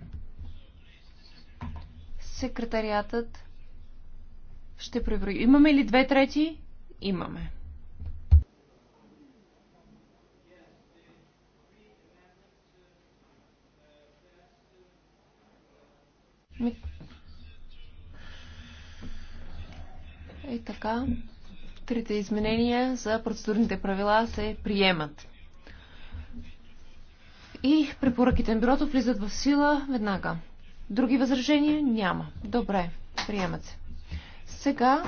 Секретариатът ще преброи. Имаме ли две трети? Имаме. Ми... И така, трите изменения за процедурните правила се приемат. И препоръките на бюрото влизат в сила веднага. Други възражения няма. Добре, приемат се. Сега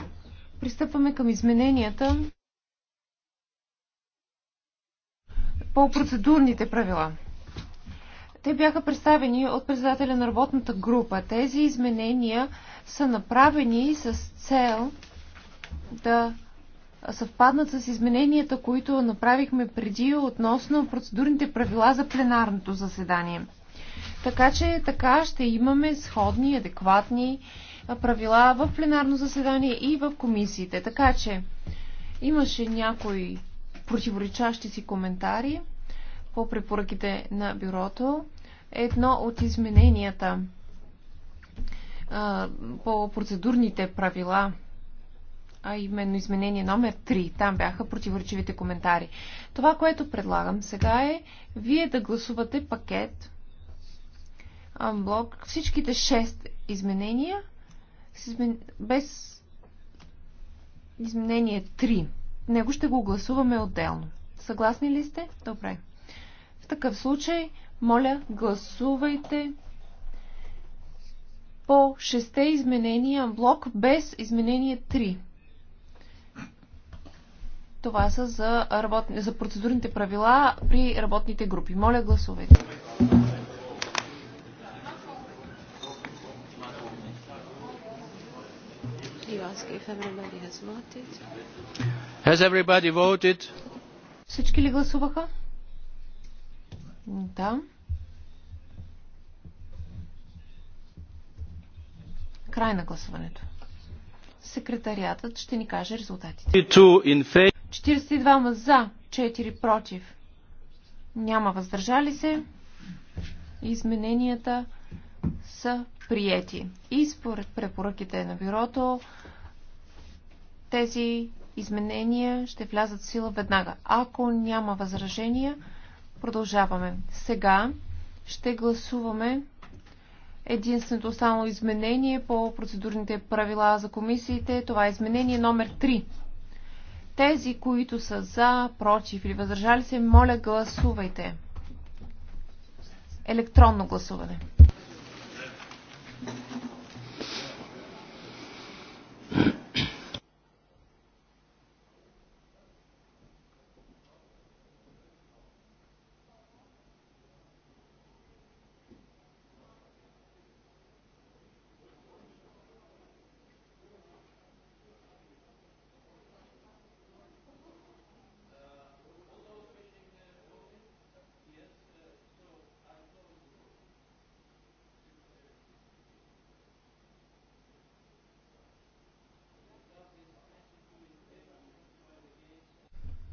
пристъпваме към измененията по процедурните правила. Те бяха представени от председателя на работната група. Тези изменения са направени с цел да съвпаднат с измененията, които направихме преди относно процедурните правила за пленарното заседание. Така че така ще имаме сходни, адекватни правила в пленарно заседание и в комисиите. Така че имаше някои противоречащи си коментари по препоръките на бюрото. Едно от измененията по процедурните правила а именно изменение номер 3. Там бяха противоречивите коментари. Това, което предлагам сега е вие да гласувате пакет блок всичките 6 изменения без изменение 3. Него ще го гласуваме отделно. Съгласни ли сте? Добре. В такъв случай, моля, гласувайте по 6 изменения блок без изменение 3. Това са за, работ... за процедурните правила при работните групи. Моля, гласувайте. Всички ли гласуваха? Да. Край на гласуването. Секретариатът ще ни каже резултатите. 42 за, 4 против. Няма въздържали се. Измененията са приети. И според препоръките на бюрото, тези изменения ще влязат в сила веднага. Ако няма възражения, продължаваме. Сега ще гласуваме единственото само изменение по процедурните правила за комисиите. Това е изменение номер 3. Тези, които са за, против или въздържали се, моля гласувайте. Електронно гласуване.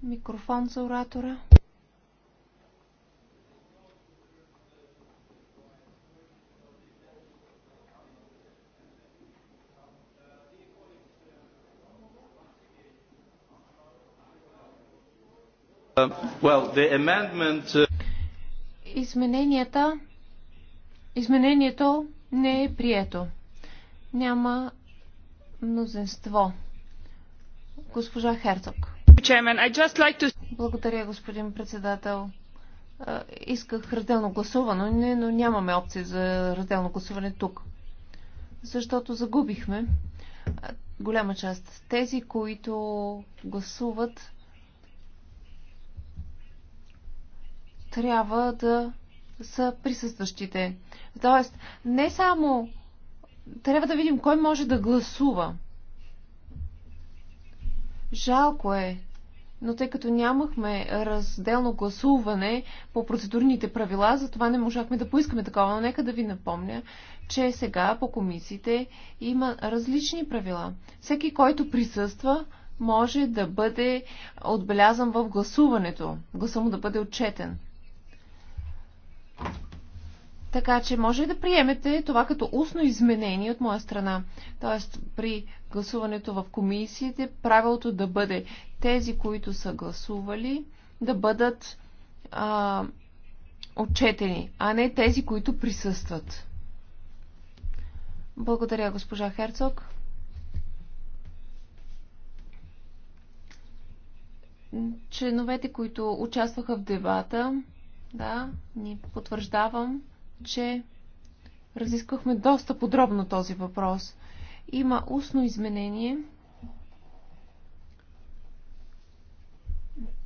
Микрофон за оратора. Uh, Измененията... Изменението не е прието. Няма мнозинство. Госпожа Херцог. Благодаря, господин председател. Исках разделно гласуване, но нямаме опция за разделно гласуване тук. Защото загубихме голяма част. Тези, които гласуват, трябва да са присъстващите. Тоест, не само трябва да видим кой може да гласува. Жалко е, но тъй като нямахме разделно гласуване по процедурните правила, затова не можахме да поискаме такова. Но нека да ви напомня, че сега по комисиите има различни правила. Всеки, който присъства, може да бъде отбелязан в гласуването. Гласа му да бъде отчетен. Така че може да приемете това като устно изменение от моя страна. Тоест при гласуването в комисиите правилото да бъде тези, които са гласували, да бъдат а, отчетени, а не тези, които присъстват. Благодаря, госпожа Херцог. Членовете, които участваха в дебата, да, ни потвърждавам, че разисквахме доста подробно този въпрос. Има устно изменение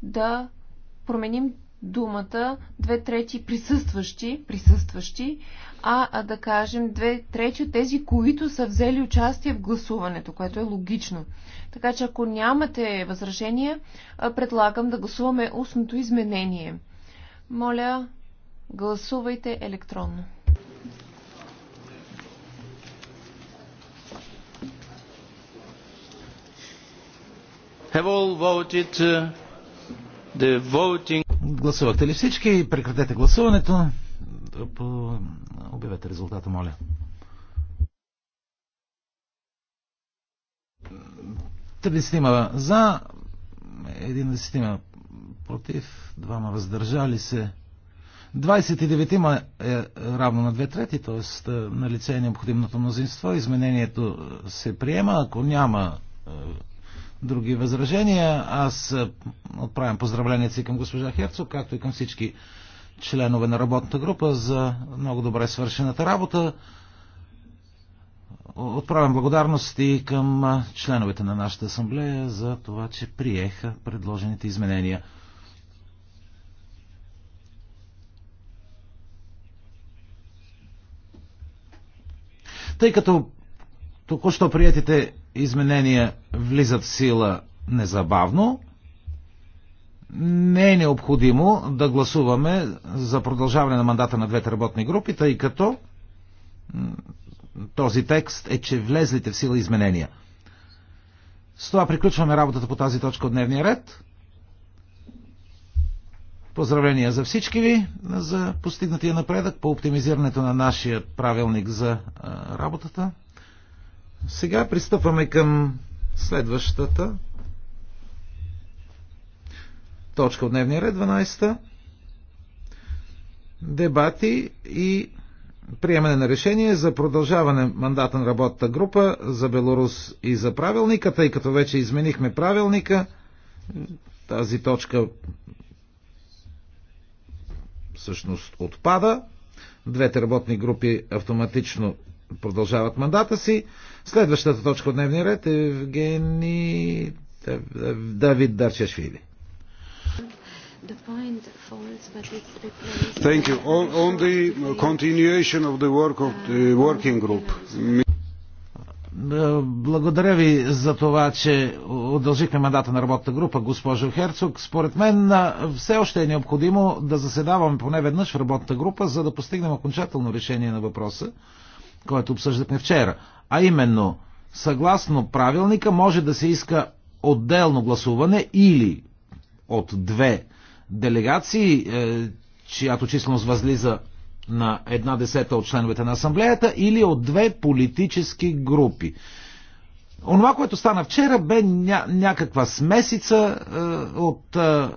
да променим думата две трети присъстващи, присъстващи, а, а да кажем две трети от тези, които са взели участие в гласуването, което е логично. Така че ако нямате възражения, предлагам да гласуваме устното изменение. Моля, гласувайте електронно. Have all voted uh... Гласувахте ли всички? Прекратете гласуването. Обявете резултата, моля. Тридесетима за, един десетима против, двама въздържали се. 29 има е равно на две трети, т.е. на лице е необходимото мнозинство. Изменението се приема. Ако няма е, други възражения. Аз е, отправям поздравленията си към госпожа Херцог, както и към всички членове на работната група за много добре свършената работа. Отправям благодарност и към е, членовете на нашата асамблея за това, че приеха предложените изменения. Тъй като Току-що приятите изменения влизат в сила незабавно. Не е необходимо да гласуваме за продължаване на мандата на двете работни групи, тъй като този текст е, че влезлите в сила изменения. С това приключваме работата по тази точка от дневния ред. Поздравления за всички ви за постигнатия напредък по оптимизирането на нашия правилник за работата. Сега пристъпваме към следващата точка от дневния ред, 12-та. Дебати и приемане на решение за продължаване мандата на работната група за Беларус и за правилника, тъй като вече изменихме правилника. Тази точка всъщност отпада. Двете работни групи автоматично продължават мандата си. Следващата точка от дневния ред е Евгений Давид Дарчешвили. Thank you. On, on the continuation of the work of the working group. Благодаря ви за това, че удължихме мандата на работната група, госпожо Херцог. Според мен все още е необходимо да заседаваме поне веднъж в работната група, за да постигнем окончателно решение на въпроса, който обсъждахме вчера. А именно, съгласно правилника може да се иска отделно гласуване или от две делегации, е, чиято численост възлиза на една десета от членовете на асамблеята или от две политически групи. Онова, което стана вчера, бе ня- някаква смесица е, от е,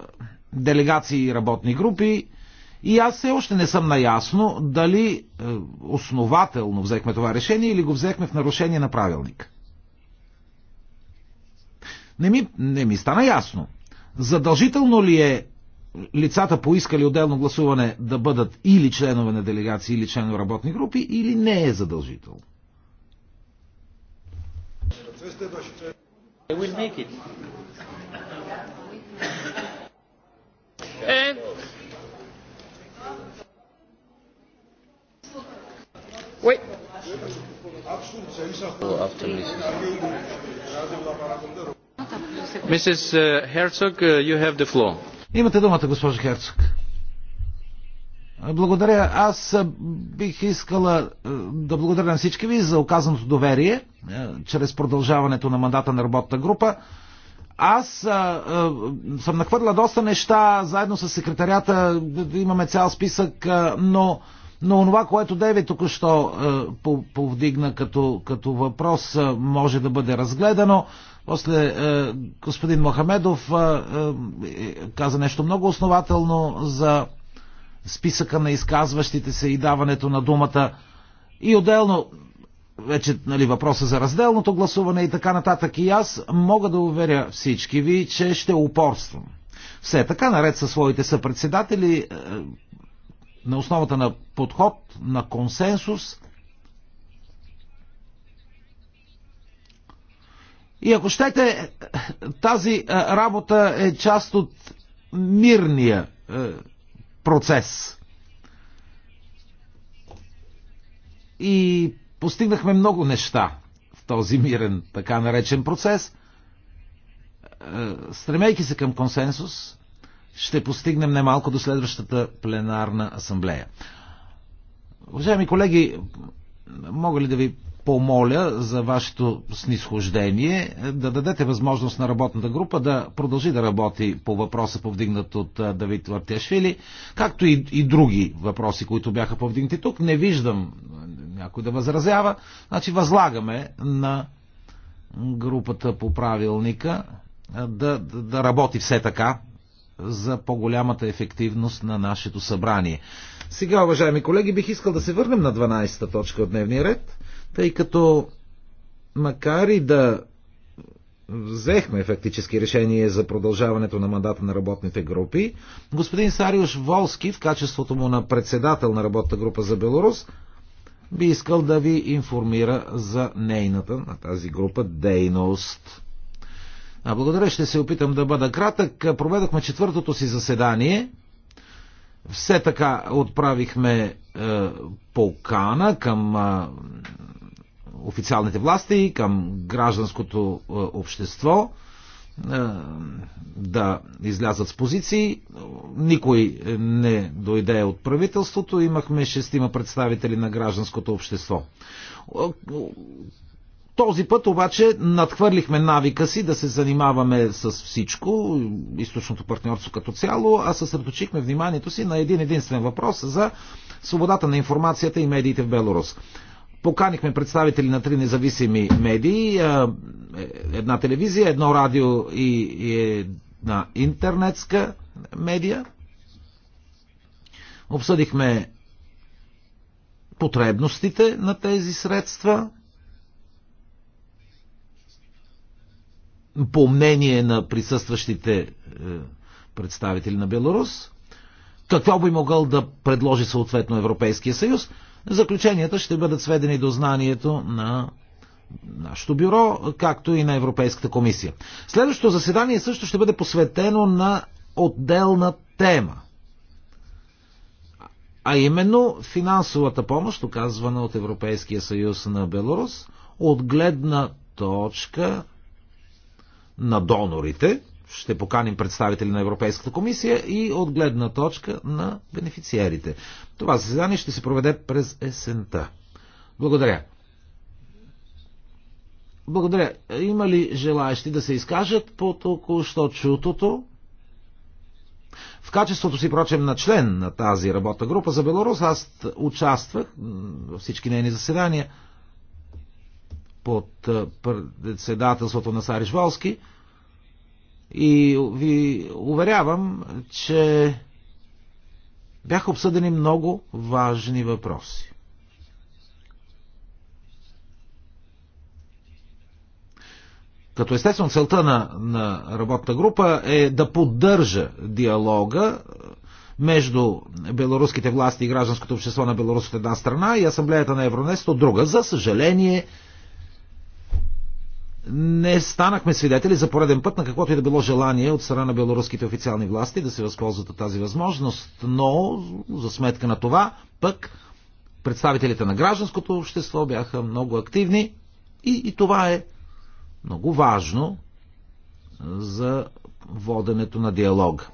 делегации и работни групи, и аз все още не съм наясно дали е, основателно взехме това решение или го взехме в нарушение на правилник. Не ми, не ми стана ясно. Задължително ли е лицата поискали отделно гласуване да бъдат или членове на делегации, или членове работни групи, или не е задължително? will make it. Е, Oui. Mrs. Uh, Herzog, uh, you have the floor. Имате думата, госпожо Херцог. Благодаря. Аз бих искала да благодаря на всички ви за оказаното доверие чрез продължаването на мандата на работната група. Аз а, а, съм нахвърла доста неща заедно с секретарята, имаме цял списък, а, но но това, което Дейви току-що е, повдигна като, като въпрос, е, може да бъде разгледано. После е, господин Мохамедов каза нещо много основателно за списъка на изказващите се и даването на думата. И отделно, вече нали, въпроса за разделното гласуване и така нататък. И аз мога да уверя всички ви, че ще упорствам. Все така, наред със своите съпредседатели, на основата на подход, на консенсус. И ако щете, тази работа е част от мирния процес. И постигнахме много неща в този мирен, така наречен процес. Стремейки се към консенсус, ще постигнем немалко до следващата пленарна асамблея. Уважаеми колеги, мога ли да ви помоля за вашето снисхождение да дадете възможност на работната група да продължи да работи по въпроса повдигнат от Давид Вартяшвили, както и, и други въпроси, които бяха повдигнати тук. Не виждам някой да възразява. Значи възлагаме на групата по правилника да, да, да работи все така, за по-голямата ефективност на нашето събрание. Сега, уважаеми колеги, бих искал да се върнем на 12-та точка от дневния ред, тъй като макар и да взехме фактически решение за продължаването на мандата на работните групи, господин Сариуш Волски в качеството му на председател на работната група за Беларус би искал да ви информира за нейната, на тази група, дейност. А благодаря, ще се опитам да бъда кратък. Проведохме четвъртото си заседание. Все така отправихме е, полкана към е, официалните власти, към гражданското е, общество е, да излязат с позиции. Никой не дойде от правителството. Имахме шестима представители на гражданското общество. Е, този път обаче надхвърлихме навика си да се занимаваме с всичко, източното партньорство като цяло, а съсредоточихме вниманието си на един единствен въпрос за свободата на информацията и медиите в Беларус. Поканихме представители на три независими медии, е, една телевизия, едно радио и една интернетска медия. Обсъдихме потребностите на тези средства – по мнение на присъстващите е, представители на Беларус, какво би могъл да предложи съответно Европейския съюз. Заключенията ще бъдат сведени до знанието на нашето бюро, както и на Европейската комисия. Следващото заседание също ще бъде посветено на отделна тема. А именно финансовата помощ, оказвана от Европейския съюз на Беларус, от гледна точка на донорите, ще поканим представители на Европейската комисия и от гледна точка на бенефициерите. Това заседание ще се проведе през есента. Благодаря. Благодаря. Има ли желаящи да се изкажат по току-що чутото? В качеството си, прочем, на член на тази работна група за Беларус, аз участвах във всички нейни заседания – под председателството на Сариш Волски. И ви уверявам, че бяха обсъдени много важни въпроси. Като естествено целта на, на работната група е да поддържа диалога между беларуските власти и гражданското общество на беларуската една страна и асамблеята на Евронест от друга. За съжаление, не станахме свидетели за пореден път на каквото и да било желание от страна на белоруските официални власти да се възползват от тази възможност, но за сметка на това пък представителите на гражданското общество бяха много активни и, и това е много важно за воденето на диалога.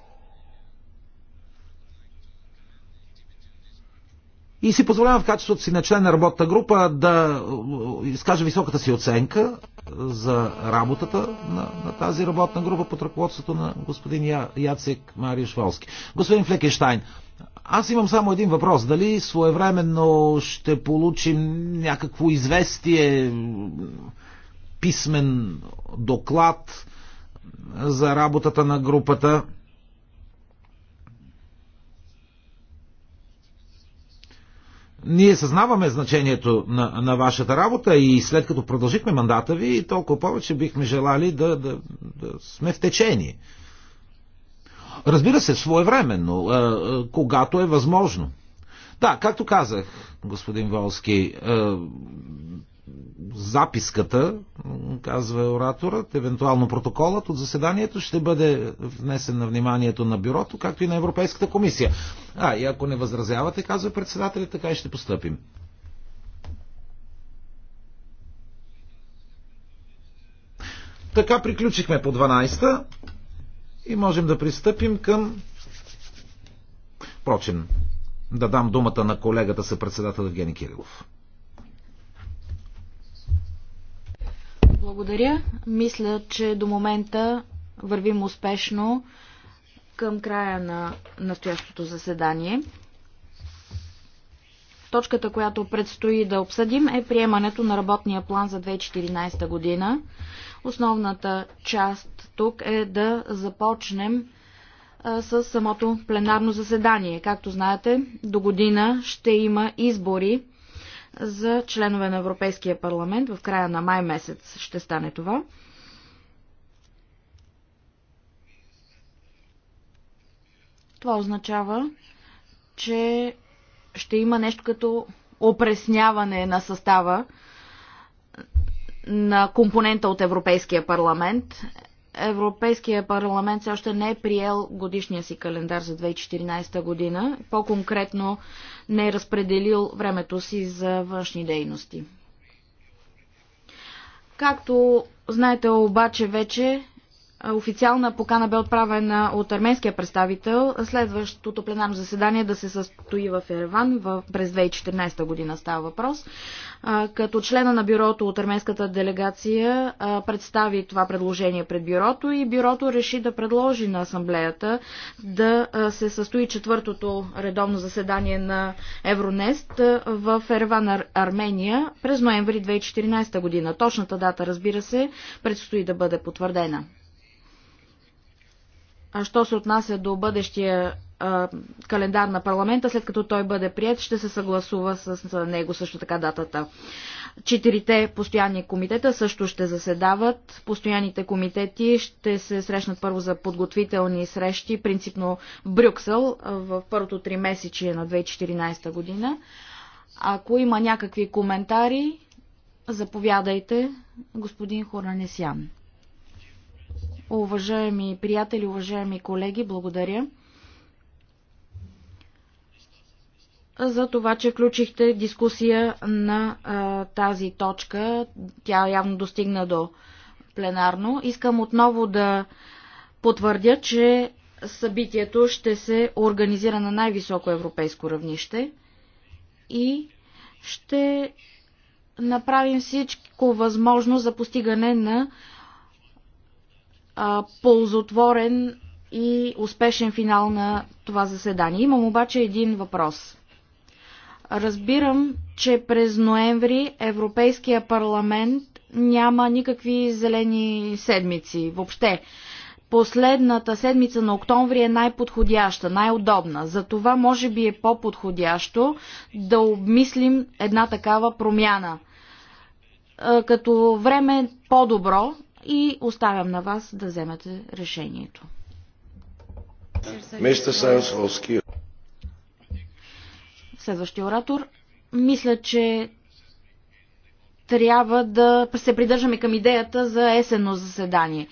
И си позволявам в качеството си на член на работната група да е, изкажа високата си оценка е, за работата на, на тази работна група под ръководството на господин Я, Яцек Мариуш Волски. Господин Флекенштайн, аз имам само един въпрос. Дали своевременно ще получим някакво известие, писмен доклад за работата на групата? Ние съзнаваме значението на, на вашата работа и след като продължихме мандата ви, толкова повече бихме желали да, да, да сме в течение. Разбира се, своевременно, когато е възможно. Да, както казах, господин Волски, записката, казва ораторът, евентуално протоколът от заседанието ще бъде внесен на вниманието на бюрото, както и на Европейската комисия. А, и ако не възразявате, казва председателят, така и ще постъпим. Така приключихме по 12-та и можем да пристъпим към... Впрочем, да дам думата на колегата съпредседател Евгений Кирилов. Благодаря. Мисля, че до момента вървим успешно към края на настоящото заседание. Точката, която предстои да обсъдим е приемането на работния план за 2014 година. Основната част тук е да започнем с самото пленарно заседание. Както знаете, до година ще има избори за членове на Европейския парламент. В края на май месец ще стане това. Това означава, че ще има нещо като опресняване на състава на компонента от Европейския парламент. Европейския парламент все още не е приел годишния си календар за 2014 година. По-конкретно не е разпределил времето си за външни дейности. Както знаете обаче вече, Официална покана бе отправена от арменския представител. Следващото пленарно заседание да се състои в Ереван в, през 2014 година става въпрос. А, като члена на бюрото от арменската делегация а, представи това предложение пред бюрото и бюрото реши да предложи на асамблеята да се състои четвъртото редовно заседание на Евронест в Ереван, Ар- Армения през ноември 2014 година. Точната дата, разбира се, предстои да бъде потвърдена що се отнася до бъдещия календар на парламента, след като той бъде прият, ще се съгласува с него също така датата. Четирите постоянни комитета също ще заседават. Постоянните комитети ще се срещнат първо за подготвителни срещи, принципно в Брюксел, в първото три месечие на 2014 година. Ако има някакви коментари, заповядайте, господин Хоранесян. Уважаеми приятели, уважаеми колеги, благодаря за това, че включихте дискусия на а, тази точка. Тя явно достигна до пленарно. Искам отново да потвърдя, че събитието ще се организира на най-високо европейско равнище и ще направим всичко възможно за постигане на а, ползотворен и успешен финал на това заседание. Имам обаче един въпрос. Разбирам, че през ноември Европейския парламент няма никакви зелени седмици въобще. Последната седмица на октомври е най-подходяща, най-удобна. Затова може би е по-подходящо да обмислим една такава промяна. Като време е по-добро, и оставям на вас да вземете решението. Следващия оратор. Мисля, че трябва да се придържаме към идеята за есенно заседание.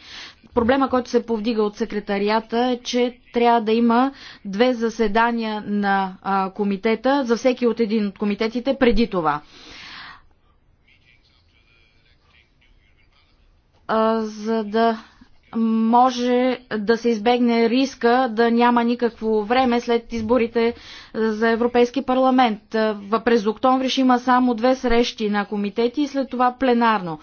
Проблема, който се повдига от секретарията е, че трябва да има две заседания на а, комитета за всеки от един от комитетите преди това. за да може да се избегне риска да няма никакво време след изборите за Европейски парламент. През октомври ще има само две срещи на комитети и след това пленарно.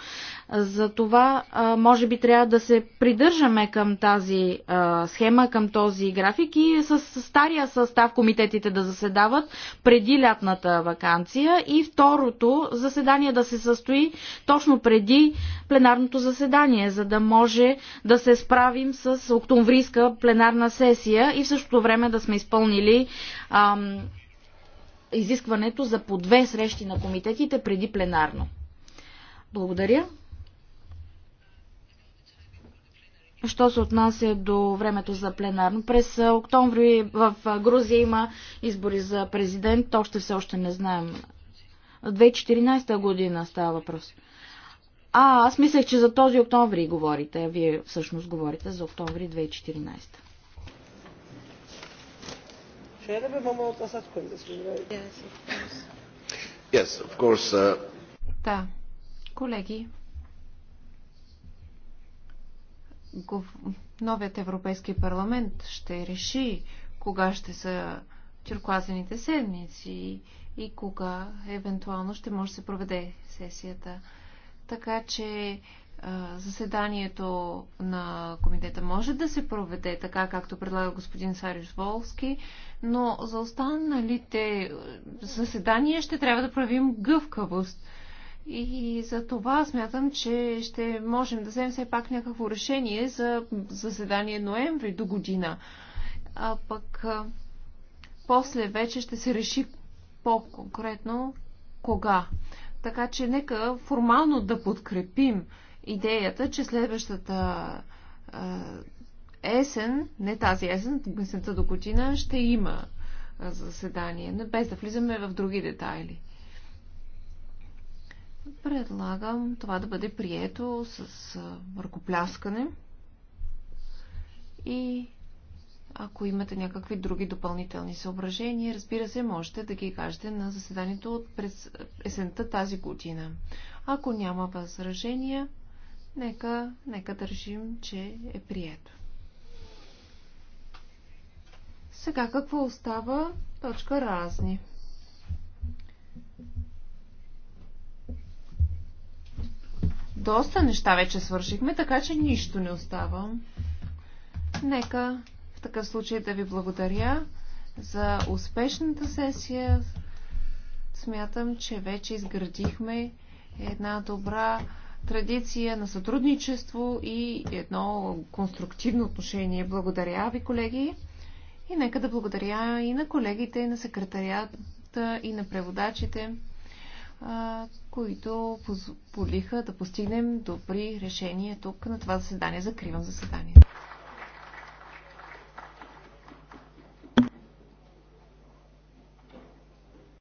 За това, може би, трябва да се придържаме към тази схема, към този график и с стария състав комитетите да заседават преди лятната вакансия и второто заседание да се състои точно преди пленарното заседание, за да може да се справим с октомврийска пленарна сесия и в същото време да сме изпълнили ам, изискването за по две срещи на комитетите преди пленарно. Благодаря. що се отнася до времето за пленарно. През октомври в Грузия има избори за президент. Още все още не знаем. 2014 година става въпрос. А, аз мислех, че за този октомври говорите. Вие всъщност говорите за октомври 2014. Yes, of course. Uh... Да, колеги, новият Европейски парламент ще реши кога ще са тюркуазените седмици и кога евентуално ще може да се проведе сесията. Така че заседанието на комитета може да се проведе така, както предлага господин Сариш Волски, но за останалите заседания ще трябва да правим гъвкавост. И за това смятам, че ще можем да вземем все пак някакво решение за заседание ноември до година. А пък после вече ще се реши по-конкретно кога. Така че нека формално да подкрепим идеята, че следващата есен, не тази есен, есента до година ще има заседание, без да влизаме в други детайли. Предлагам това да бъде прието с ръкопляскане. И ако имате някакви други допълнителни съображения, разбира се, можете да ги кажете на заседанието от през есента тази година. Ако няма възражения, нека, нека държим, че е прието. Сега какво остава? Точка разни. Доста неща вече свършихме, така че нищо не остава. Нека в такъв случай да ви благодаря за успешната сесия. Смятам, че вече изградихме една добра традиция на сътрудничество и едно конструктивно отношение. Благодаря ви, колеги. И нека да благодаря и на колегите, и на секретарията, и на преводачите които позволиха да постигнем добри решения тук на това заседание. Закривам заседанието.